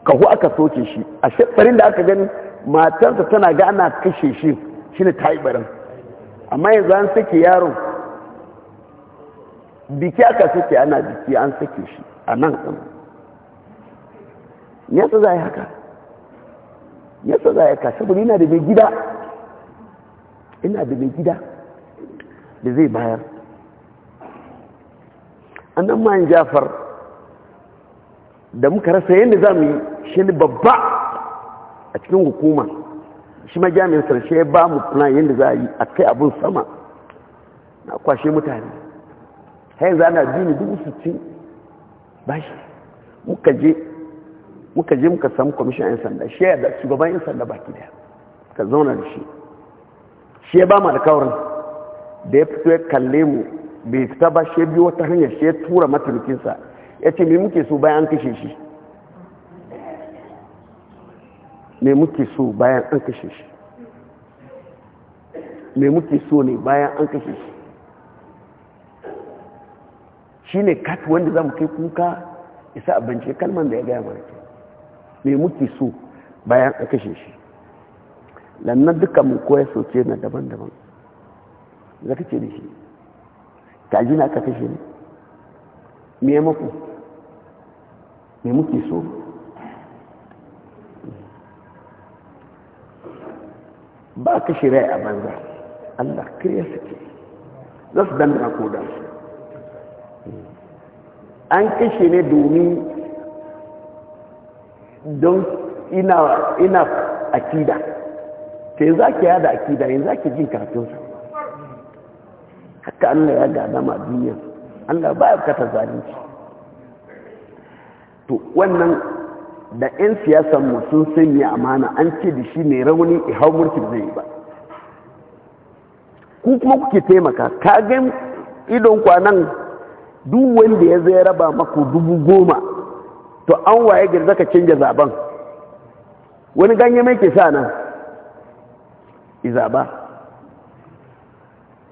kahu aka soke shi a shaɓarin da aka gani matansa tana gana kashe shi shi ne ta yi barin amma yanzu an sake yaron biki aka suke ana biki an suke shi a nan ɗin yasa za a yi haka yasa za a yi haka saboda na da mai gida ina da mai gida da zai bayar annan ma'an jafar da muka rasa yadda za mu yi shi ne babba a cikin hukuma shi ma jami'in sarshe ba mu plan yadda za a yi a kai abin sama na kwashe mutane hai zana biyu dubu sittin bashi muka je muka je muka samu kwamishin 'yan sanda shi ya da shugaban 'yan sanda baki daya ka zauna da shi shi ya ba mu alkawarin da ya fito ya kalle mu bai fita ba shi biyo wata hanyar shi ya tura maturikinsa ya ce mai muke so bayan an kashe shi mai muke so bayan an kashe shi mai muke so ne bayan an kashe shi shi ne katu wanda za mu kai kuka isa abinci kalman da ya gaya mara me muke so bayan a kashe shi lannan duka mu koya soke na daban-daban za ka ce da shi kaji na aka kashe ne me ya maku muke so ba kashe rai a banza allah kiriya suke za su dandana ko da su an kashe ne domin don ina akida ke za ki yada akida za ki jin su? haka allah ya gada ma duniya allah ba ya kata zalunci to wannan da 'yan siyasanmu sun sanya amana an ce da shi mai rauni hau mulkin zai yi ba ku kuma kuke taimaka ka gan idon kwanan duk wanda ya zai raba maku dubu goma to an waye gari zaka canja zaben wani ganye mai ke sa nan izaba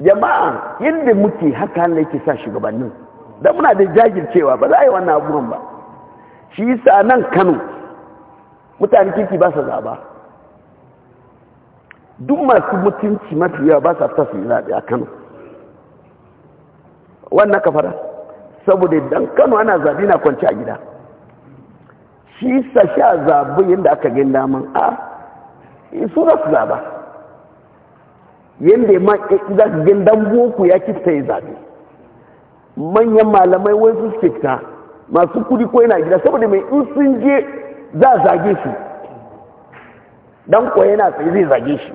jama'a yadda muke haka hannun yake sa shugabannin don muna da jajircewa ba za a yi wannan abubuwan ba shi sa nan Kano mutane kirki ba sa zaba duk masu mutunci mafi yawa ba sa tafi zaɓe a Kano wannan kafara saboda dan kano ana zaɓi na kwanci a gida shi sa sha zaɓi yadda aka gani daman a eh, su za su zaɓa yadda ma eh, za ka gani dan boku ya kifta ya zaɓi manyan malamai wai su suke fita masu kudi ko yana gida saboda mai in sun je za a zage shi dan ko yana tsaye zai zage shi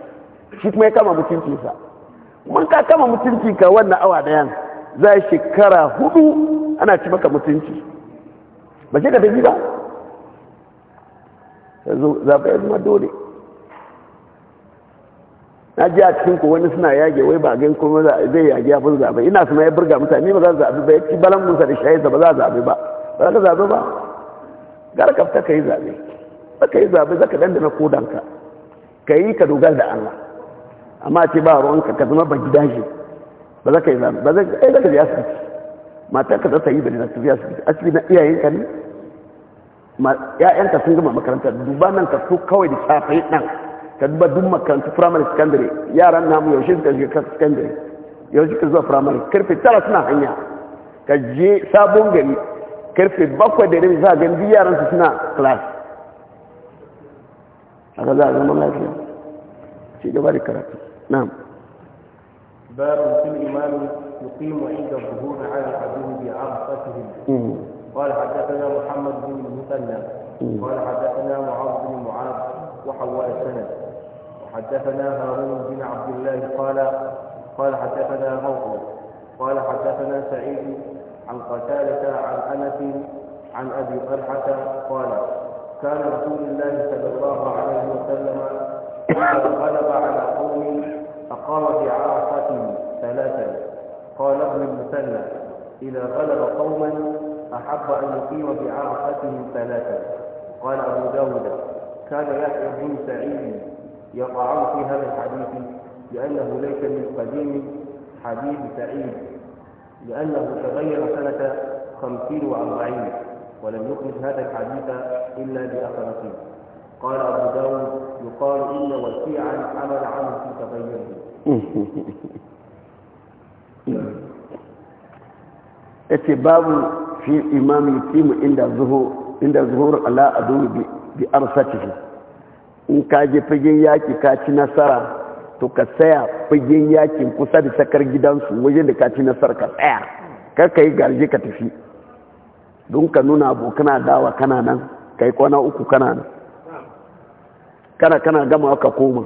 shi kuma ya kama mutuncinsa mun ka kama mutunci ka wannan awa da yanzu za shekara hudu ana ci maka mutunci ba ce ka tafi ba zaɓe ya zama dole na ji a cikin ku wani suna yage wai ba gan kuma zai yage ya fi zaɓe ina suna ya burga mutane ba za su zaɓe ba ya ci balan musa da shayi ba za a zaɓe ba ba za ka zaɓe ba gara ka fita ka yi zaɓe ba ka yi zaɓe za ka dandana kodanka ka yi ka dogara da allah amma ce ba ruwanka ka zama ba gidaje ba za ka yi zama ba za ka yi eh, asibiti mata ka za ta yi bane na su tafi asibiti asibiti na iyayenka ne ya'yanka sun gama makaranta duba nan ka so kawai da safe nan ka duba duk makarantu firamare secondary yaran namu yaushe suka shiga secondary yaushe ka zuwa firamare karfe tara suna hanya ka je sabon gari karfe bakwai da rabi za a gani duk yaran su suna class haka za a zama lafiya ci gaba da karatu na'am باب في الإمام يقيم عند الظهور على العدو بعرفتهم قال حدثنا محمد بن المثنى قال حدثنا معاذ بن معاذ وحول السند وحدثنا هارون بن عبد الله قال قال حدثنا موقف قال حدثنا سعيد عن قتالة عن أنس عن أبي طلحة قال كان رسول الله صلى الله عليه وسلم غلب على قوم أقام بعرفة ثلاثا قال ابن المثنى إذا غلب قوما أحب أن يقيم بعرفتهم ثلاثا قال أبو داود كان يحيى بن سعيد يقع في هذا الحديث لأنه ليس من قديم حديث سعيد لأنه تغير سنة خمسين وأربعين ولم يخرج هذا الحديث إلا بأخرته قال أبو داود يقال إن وكيعا عمل عنه في تبينه yace babu fi imami timu inda zuhur inda zuhur ala bi in ka je fagen yaki ka ci nasara to ka tsaya fagen yakin kusa da sakar gidansu wajen da ka ci nasara ka tsaya kar ka yi garje ka tafi don ka nuna kana dawa kana nan ka yi kwana uku kana nan kana kana gama aka koma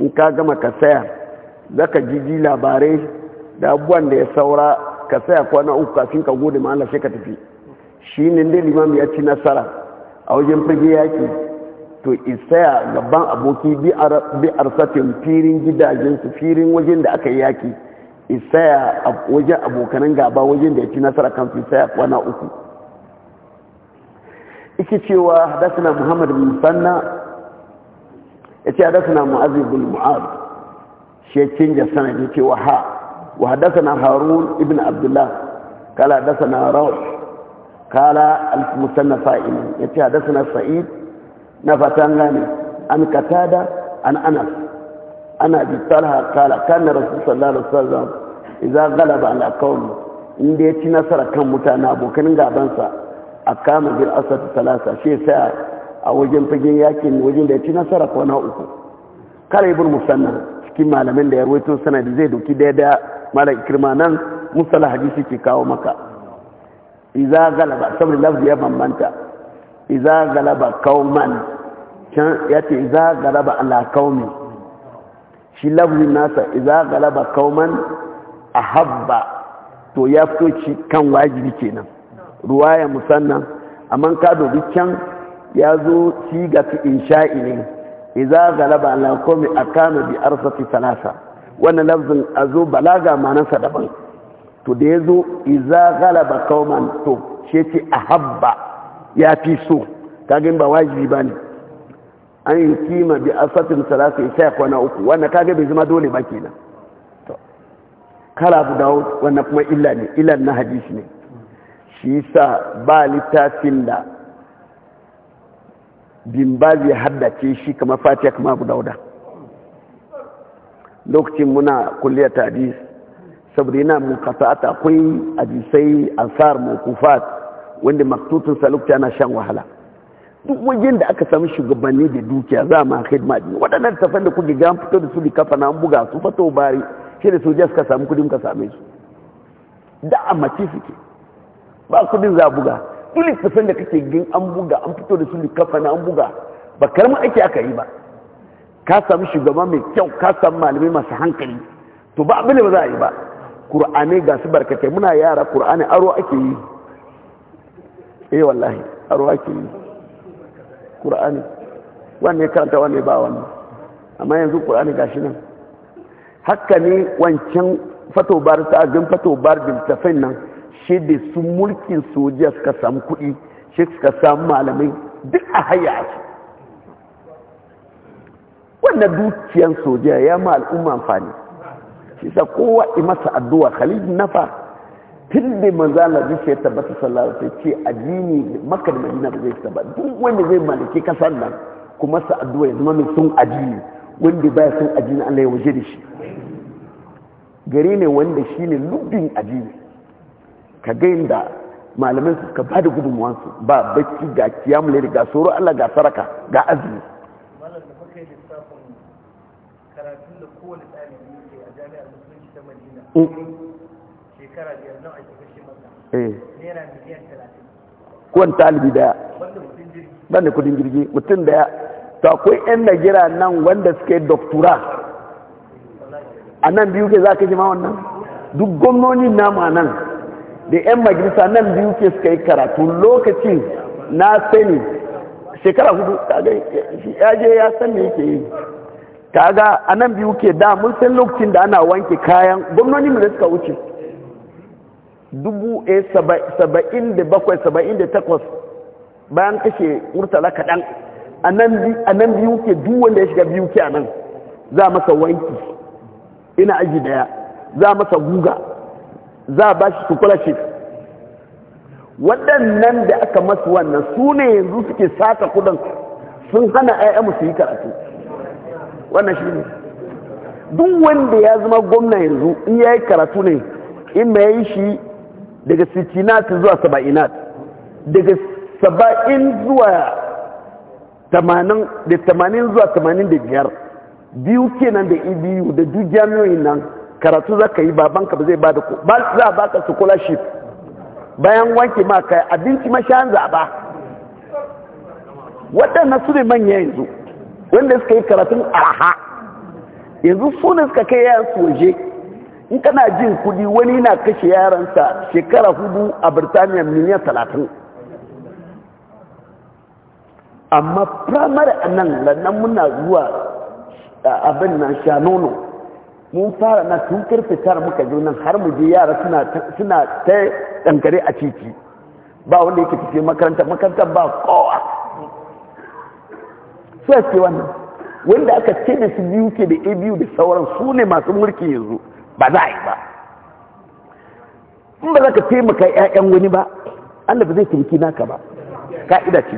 in ka gama ka saya za ka jiji labarai da abubuwan da ya saura ka saya kwana uku kafin ka gode ma Allah sai ka tafi shi ne dai limam ya ci nasara a wajen fage yaki to isaya gaban aboki bi arsatin firin gidajensu firin wajen da aka yi yaki isaya wajen abokanan gaba wajen da ya ci nasara kan fi tsaya kwana uku ike cewa hadasana muhammad musanna yace hadathana mu'adh ibn mu'adh shi canja sanadi yace wa ha wa hadathana harun ibn abdullah kala hadathana rawh kala al-musanna fa'il yace hadathana sa'id na fatanga ne an katada an anas ana bi talha kala kana rasul sallallahu alaihi wasallam idza ghalaba ala qawm inda ya ci nasara kan mutane abokan gabansa a kama bil asad talasa shi sai a wajen fagen yakin wajen da ya ci nasara kwana uku kare ibn musanna cikin malamin da ya rawaito sanadi zai doki daidai mala ikirma nan musala hadisi ke kawo maka iza galaba saboda lafzi ya bambanta iza galaba kauman can ya ce iza galaba ala kaumi shi lafzi nasa iza galaba kauman a habba to ya fito ci kan wajibi kenan ruwaya musanna amma ka dobi can ya zo ga fi insha'i ne idza galaba ala a kama bi arsati salasa wannan lafzin zo balaga manansa daban to da ya zo idza galaba qauman to ce ce a habba ya fi so kage ba wajibi ne. an yi kima bi asatin ya shaikwa kwana uku wannan kage bai zama dole ba kenan to kala bu dawo wannan kuma illa ne illa na hadisi ne shi sa ba littafin da bimbazi haddace shi kama fatiya kama abu dauda lokacin muna kulliyar tadis saboda yana mukata'ata akwai hadisai ansar mawkufat wanda maktutun salukta na shan wahala duk wajen da aka samu shugabanni da dukiya za ma hidima din waɗannan tafan da kuke gan fito da su da kafa na an buga su fato bari shi da soja suka samu kudin ka same su da a mace suke ba kudin za buga duk littafin da kake gin an buga an fito da su kafa na an buga ba karamin aiki aka yi ba ka samu shugaba mai kyau ka samu malamai masu hankali to ba abin da ba za a yi ba ƙur'ani ga su barkatai muna yara ƙur'ani aro ake yi eh wallahi aro ake yi ƙur'ani wanne karanta wanne ba wannan amma yanzu ƙur'ani ga shi nan haka ne wancan fatobar ta gan fatobar tafin nan shi da su mulkin sojiya suka samu kuɗi shi suka samu malamai duk a haya a su wannan dukiyan sojiya ya ma al'umma amfani shi sa kowa yi masa addu'a khalid nafa tun da manza lafi shi ya tabbata sallallahu sai ce addini makar madina ba zai taba duk wanda zai malaki kasar nan kuma sa addu'a ya zama mai sun addini wanda baya sun addini Allah ya waje da shi gari ne wanda shine Lubin addini ka ga da malamin su ka bada gudunmuwansu ba bacci ga kiyamule ga tsoro Allah ga saraka ga azumi kowane talibi daya mm. eh. banda kudin jirgi mutum daya ta akwai 'yan najira nan wanda suke doktura a nan biyu ke za ka jima wannan duk gwamnoni ma nan da 'yan majalisa nan biyu ke suka yi karatu lokacin na sani shekara hudu kaga ya je ya san me yake yi kaga a nan biyu ke da mun san lokacin da ana wanke kayan gwamnoni mu da suka wuce dubu eh, a saba'in da bakwai saba'in da takwas bayan kashe murtala kaɗan a nan biyu ke duk wanda ya shiga biyu ke a nan za masa wanki ina aji daya za masa guga za a ba shi scholarship waɗannan da aka masu wannan su ne yanzu suke sata kudin sun hana ayyamu su yi karatu wannan shi ne duk wanda ya zama gwamna yanzu in ya yi karatu ne in ma ya yi shi daga sitinat zuwa saba'inat daga saba'in zuwa tamanin da tamanin zuwa tamanin da biyar biyu kenan da ibiyu e da duk jami'o'in nan karatu za ka yi babanka ba zai ba da ba za a baka scholarship bayan wanke ma kai abinci ma shan zaba waɗannan su ne manya yanzu wanda suka yi karatun araha yanzu su ne suka kai yaran su waje in kana jin kudi wani na kashe yaransa shekara hudu a birtaniya miliyan talatin amma firamare a nan lannan muna zuwa abin na sha nono mun fara na tun karfe tara muka zo nan har mu je yara suna ta dankare a titi ba wanda yake fice makaranta makaranta ba kowa su a ce wannan wanda aka ce da su biyu ke da a biyu da sauran su ne masu mulki yanzu ba za a yi ba in ba za ka taimaka 'ya'yan wani ba allah ba zai taimaki naka ba ka'ida ce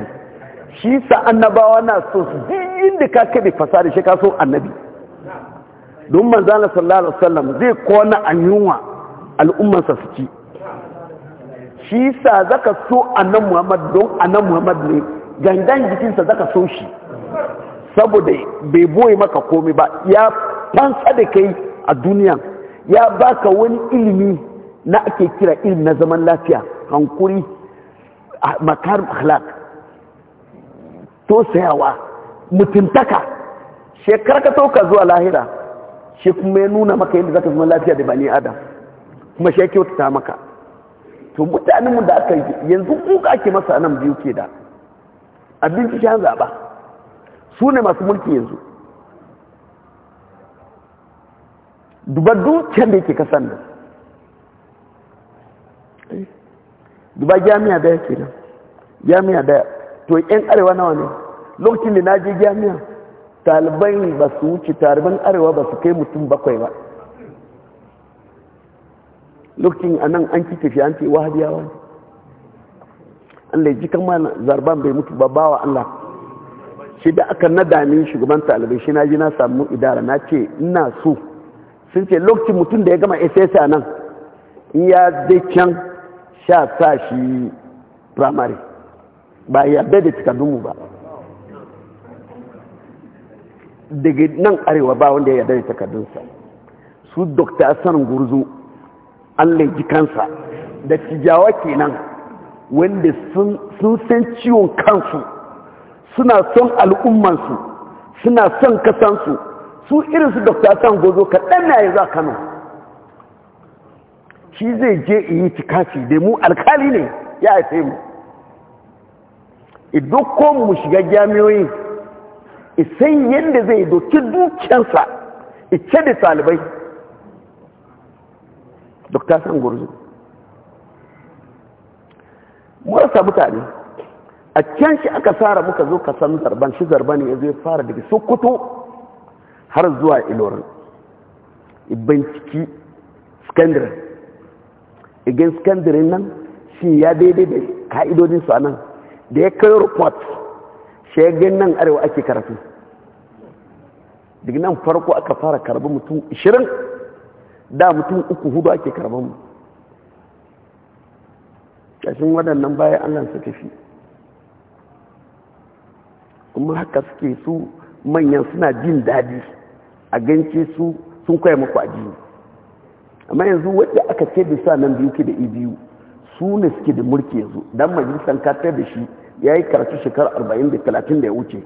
shi sa annabawa na so su duk inda ka kabe da shi ka so annabi don manzana sallallahu alaihi wasallam zai kona an yunwa al'ummansa su ci shi sa zaka so annan muhammad don annan muhammad ne gangan jikinsa zaka so shi saboda bai boye maka komai ba ya fansa da kai a duniya ya baka wani ilimi na ake kira ilimi na zaman lafiya hankuri makar akhlaq to sayawa mutuntaka shekar ka zuwa lahira shi kuma ya nuna maka yadda zaka zama lafiya da bani adam kuma shi ya kyautata maka to mutanen mu da aka yi yanzu kuka ake masa nan biyu ke da abinci shi an zaɓa su ne masu mulki yanzu duba dukkan da yake kasan nan duba jami'a da yake nan jami'a daya to yan arewa nawa ne lokacin da na je jami'a taliban ba su wuce taliban arewa ba su kai mutum bakwai ba lokacin a nan an kika an ce wahabiyawa ne ji kama zarban bai mutu ba bawa allah shi da aka nada ne shugaban talibai shi na ji na samu idara na ce ina so sun ce lokacin mutum da ya gama ss a nan in ya dai can sha sa shi primary ba ya bai da cikadunmu ba daga nan arewa ba wanda ya yada da takardunsa su dokta hassan gurzu an ji kansa da tijawa kenan wanda sun san ciwon kansu suna son al'ummansu suna son kasansu su irin irinsu dokta hassan gurzu kaɗan na yi za kano shi zai je yi tikafi da mu alkali ne ya haife mu idokon mu shiga jami'oyin isan yadda zai doki dukiyarsa ice da talibai duk ta san gurzu murasa mutane a can shi aka tsara muka zo ka san zarban shi zarban ya zai fara daga sokoto har zuwa ilorin ciki skandirin igin skandirin nan shi ya daidai da ka'idodinsu a nan da ya kai report shagin nan arewa ake karatu daga nan farko aka fara karbi mutum 20 da mutum uku hudu ake karban mu ƙashin waɗannan bayan allah su tafi kuma haka suke su manyan suna jin daɗi a gance su sun kwaya maku ajiyu amma yanzu wadda aka ce da sa nan biyu ke da ibiyu e su ne suke da mulki yanzu don majalisar katar da shi ya yi karatu shekarar 40 da 30 da ya wuce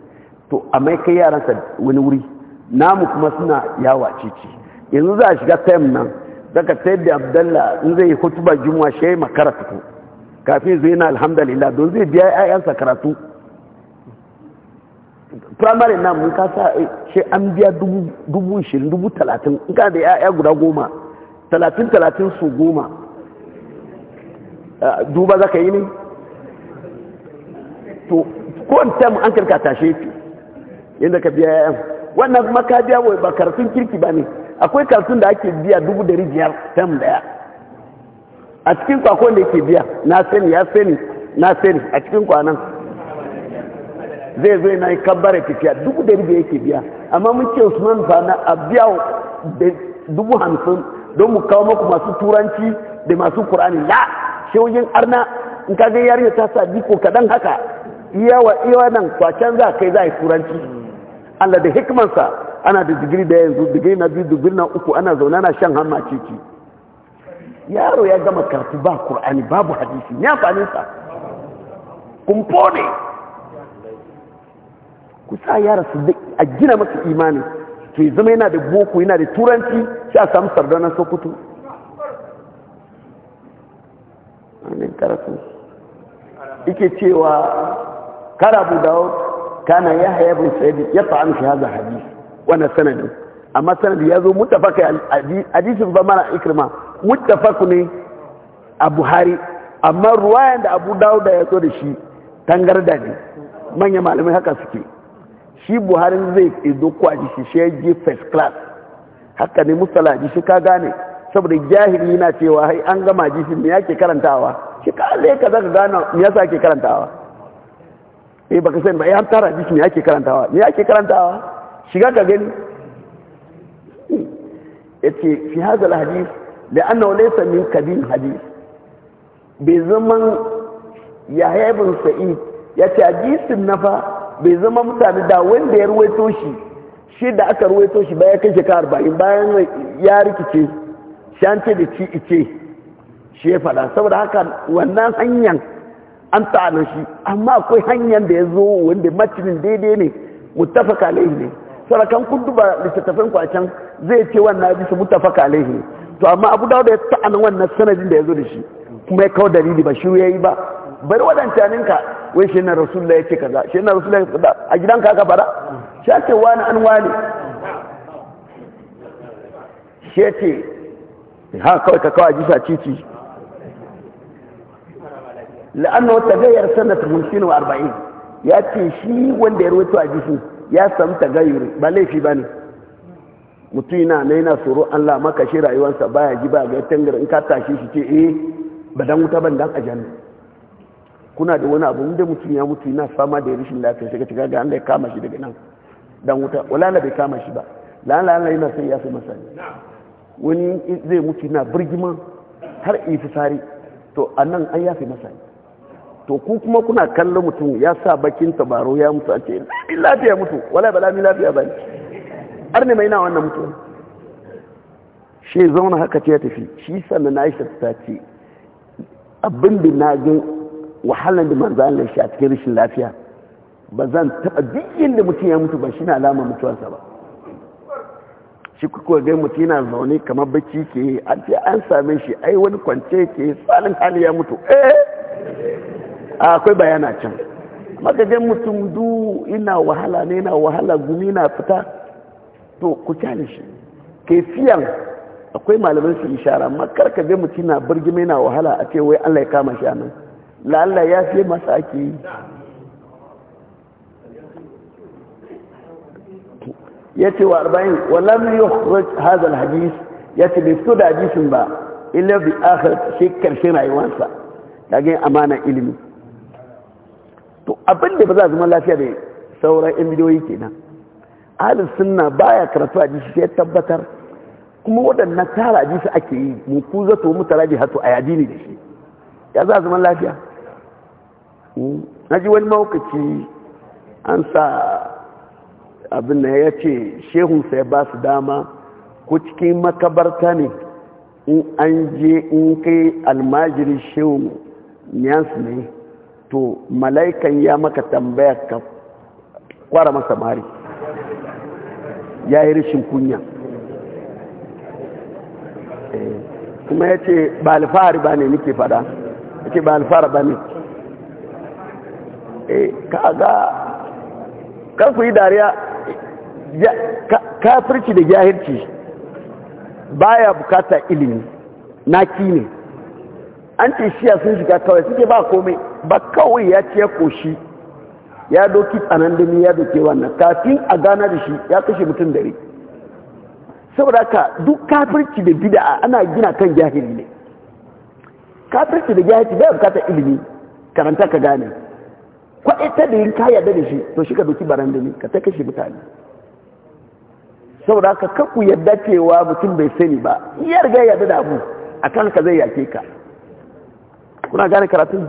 to a mai kai yaransa wani wuri namu kuma suna yawa cici yanzu za a shiga tem nan daga ta da abdalla in zai yi hutuba juma'a shi ya yi makara fito kafin zai na alhamdulillah don zai biya ayyansa karatu primary na mun kasa eh, shi an biya dubu shirin dubu talatin in ka da ya guda goma talatin talatin su goma ah, duba za ka yi ne to kowane mu an karka tashe ki yadda ka biya yayan wannan kuma ka biya wai ba karatun kirki ba ne akwai karatun da ake biya dubu dari biyar tam daya a cikin kwakwan da yake biya na sani ya sani na sani a cikin kwanan zai zai na yi kabbara tafiya dubu dari biyar yake biya amma mun ce usman fa na a biya dubu hamsin don mu kawo maku masu turanci da masu qur'ani la shi wajen arna in ka ga yarinya ta sa diko kaɗan haka iya wa nan kwacen za kai za a yi turanci Allah da hikmansa ana da digiri da yanzu digiri na biyu digiri na uku ana zaune ana shan hamma ciki yaro ya gama karatu ba kur'ani babu hadisi ya amfani sa kumfo ne ku sa yara su a gina masa imani to zama yana da boko yana da turanci sai a samu na sokoto wannan karatu ike cewa قال أبو داود كان يحيى بن سعيد يطعن في هذا الحديث وانا سند أما سند يزو متفق حديث بمعنى إكرمة متفق أبو هاري أما رواية أبو داود يزو لشي تنغرداني من يمعلمي هكا سكي shi buharin zai idoko a jishi shi ya je first class haka ne mustala jishi ka gane saboda jahili na cewa hai an gama jishi me yake karantawa shi ka zai ka zaka gane me yasa ke karantawa eh baka sani ba eh an tara hadisi ne ake karantawa me ake karantawa shiga ka gani yace fi hadha alhadith لأنه ليس من bai حديث بزمن يحيى said سعيد yace hadisin nafa bai zama mutane da wanda ya ruwaito shi shi da aka ruwaito shi bayan kai shekara ba bayan ya rikice ce da ci ice shi ya fada saboda haka wannan hanyar an ta'ana shi amma akwai hanyar da ya zo wanda matinin daidai ne mutafaka laihi ne sarakan kudu ba littattafin kwacen zai ce wannan bisa mutafaka laihi ne to amma abu dawo da ya ta'ana wannan sanadin da ya zo da shi kuma ya kawo dalili ba shi ya yi ba bari wadancanin ka wai shi na rasulullah ya ce kaza shi na rasulullah ya kaza a ka aka fara shi ce wani an wani shi ya ce ha kawai ka kawo jisa cici la'annahu tagayyar sanata 40 ya ce shi wanda ya rawaito a jishi ya samu tagayyuri ba laifi ba ne mutum yana na yana tsoro Allah maka shi rayuwarsa baya ji ba ga tangar in ka tashi shi ce eh ba dan wuta ban dan ajanna kuna da wani abu da mutum ya mutu yana fama da rashin lafiya sai ka tuka ga Allah ya kama shi daga nan dan wuta wala la bai kama shi ba la la Allah yana sai ya fi masa wani zai mutu yana birgima har ifisari to anan an ya fi masa to ku kuma kuna kallon mutum ya sa bakin tabaro ya mutu a ce lamin lafiya mutu wala ba lami lafiya ba ne har ne mai na wannan mutu shi zauna haka ce ya tafi shi sannan na aisha ta ce abin da na ga wahalar da manzan da shi a cikin rashin lafiya ba zan taba duk da mutum ya mutu ba shi na alama mutuwarsa ba shi kuka ga mutum yana zaune kamar bacci ke an ce an same shi ai wani kwance ke tsarin hali ya mutu eh akwai bayana can magajen mutum du ina wahala ne na wahala gumi na fita to ku kyale shi ke fiyan akwai malamin su ishara makar ka ga mutum na birgime na wahala a ce wai Allah ya kama shi anan la Allah ya fiye masa ake yi ya ce wa arba'in walam yukhrij hadha hadis ya ce bai fito da hadisin ba ilabi bi akhir shi karshen rayuwarsa yin amana ilimi to abin da ba za a zama lafiya da sauran yan bidiyoyi kenan ahalin ba ya karatu a jishi sai tabbatar kuma waɗannan tara jishi ake yi mu ku zato mu tara ji a yaji ne da shi ya za a zama lafiya hmm. na ji wani maukaci an sa abin da ya ce shehunsa ya ba su dama ko cikin makabarta ne in an je in kai almajiri shehun nyansu ne to mala'ikan ya maka tambaya ka kwara masa mari ya yi rishin kunya eh, kuma ya ce ba alfahari ba ne nike fada ya ce ba alfahari ba ne eh, kaga karku yi dariya kafirci da jahirci Ba ya bukata ilimi na ne an ce shiya sun shiga kawai suke ba komai ba kawai ya ce ya koshi ya doki tsanan dami ya doke wannan kafin a gana da shi ya kashe mutum dare saboda ka duk kafirci da bid'a ana gina kan jahili ne kafirci da jahili bai bukatar ilimi karanta ka gane kwaɗe da yin kaya da shi to shi ka doki barandami ka ta kashe mutane saboda ka kaku yadda cewa mutum bai sani ba iya riga yadda da abu a kan ka zai yake ka kuna gane karatun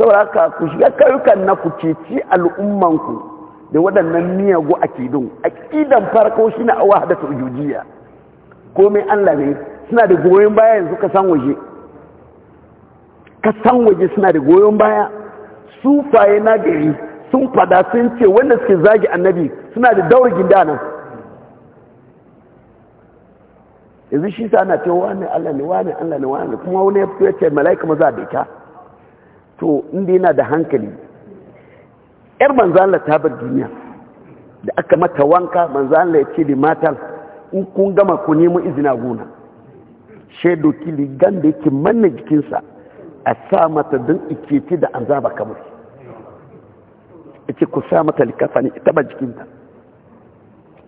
saboda haka ku shiga kayukan na ku ceci al'ummanku da waɗannan miyagu akidun akidan farko shine awa da turjujiya komai Allah ne suna da goyon baya yanzu ka san waje ka san waje suna da goyon baya sufaye na gari sun fada sun ce wanda suke zagi annabi suna da daura ginda nan yanzu shi sa ana ce wani Allah ne wani Allah ne wani kuma wani ya fito ya ce mala'ika maza da ita to inda yana da hankali yar manzala ta bar duniya da aka mata wanka manzala ya ce da matan in kun gama ku nemo izina gona shaidu kili gan yake manna jikinsa a sa mata don ikiti da an zaba kamar ce ku sa mata likafa ne ba jikinta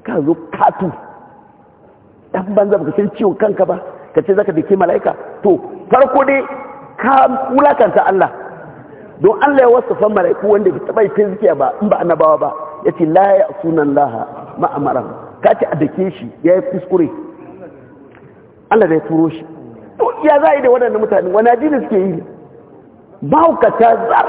ka zo katu ɗan banza ba ka san ciwon kanka ba ka ce zaka dake mala'ika to farko dai ka wulakanta Allah don Allah ya wasafa mala'iku wanda bai taba yi zikiya ba in ba bawa ba yace la ya sunan laha ma ka ce a dake shi yayi kuskure Allah ya turo shi to ya zai da waɗanda mutane wani addini suke yi ba ka ta zar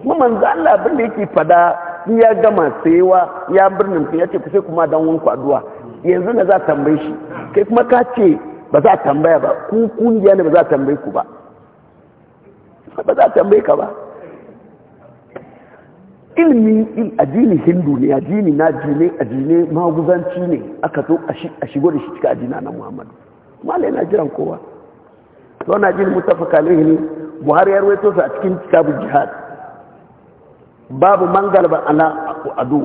kuma manzo Allah abin da yake fada in ya gama sayewa ya birnin ya ce ku kuma dan wanku addu'a yanzu na za tambaye shi kai kuma kace ce ba za tambaya ba ku kungiya ne ba za tambaye ku ba ba za tambaye ka ba ilmi addini hindu ne addini na addini addini maguzanci ne aka zo a shigo da shi cika addina na muhammadu malai na jiran kowa zuwa na jini mutafaka ne buhari ya ruwaito su a cikin kitabu jihad babu man galba ku ado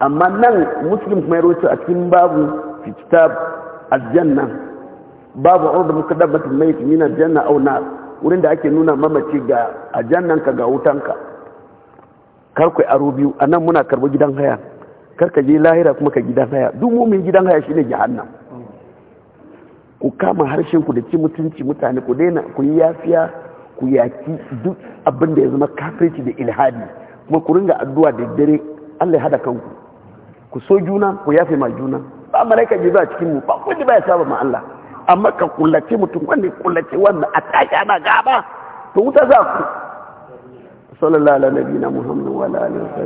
amma nan muslim kuma ya ruwaito a cikin babu fitab aljanna babu urdu mukaddabat mayt min aljanna au nar wurin da ake nuna mamaci ga a ajannanka ga wutanka karkwai aro biyu a nan muna karbi gidan haya karka je lahira kuma ka gidan haya duk mumin gidan haya shine jahannam ku kama harshen ku da ci mutunci mutane ku daina ku yi yafiya ku yaki duk abin da ya zama kafirci da ilhadi kuma ku ringa addu'a da dare Allah ya hada kanku ku so juna ku yafi ma juna ba malaika jibril a cikin mu ba ba baya saba ma Allah amma ka kullace mutum wanda kullace wanda a tashi ana gaba to wuta za ku sallallahu alaihi wa sallam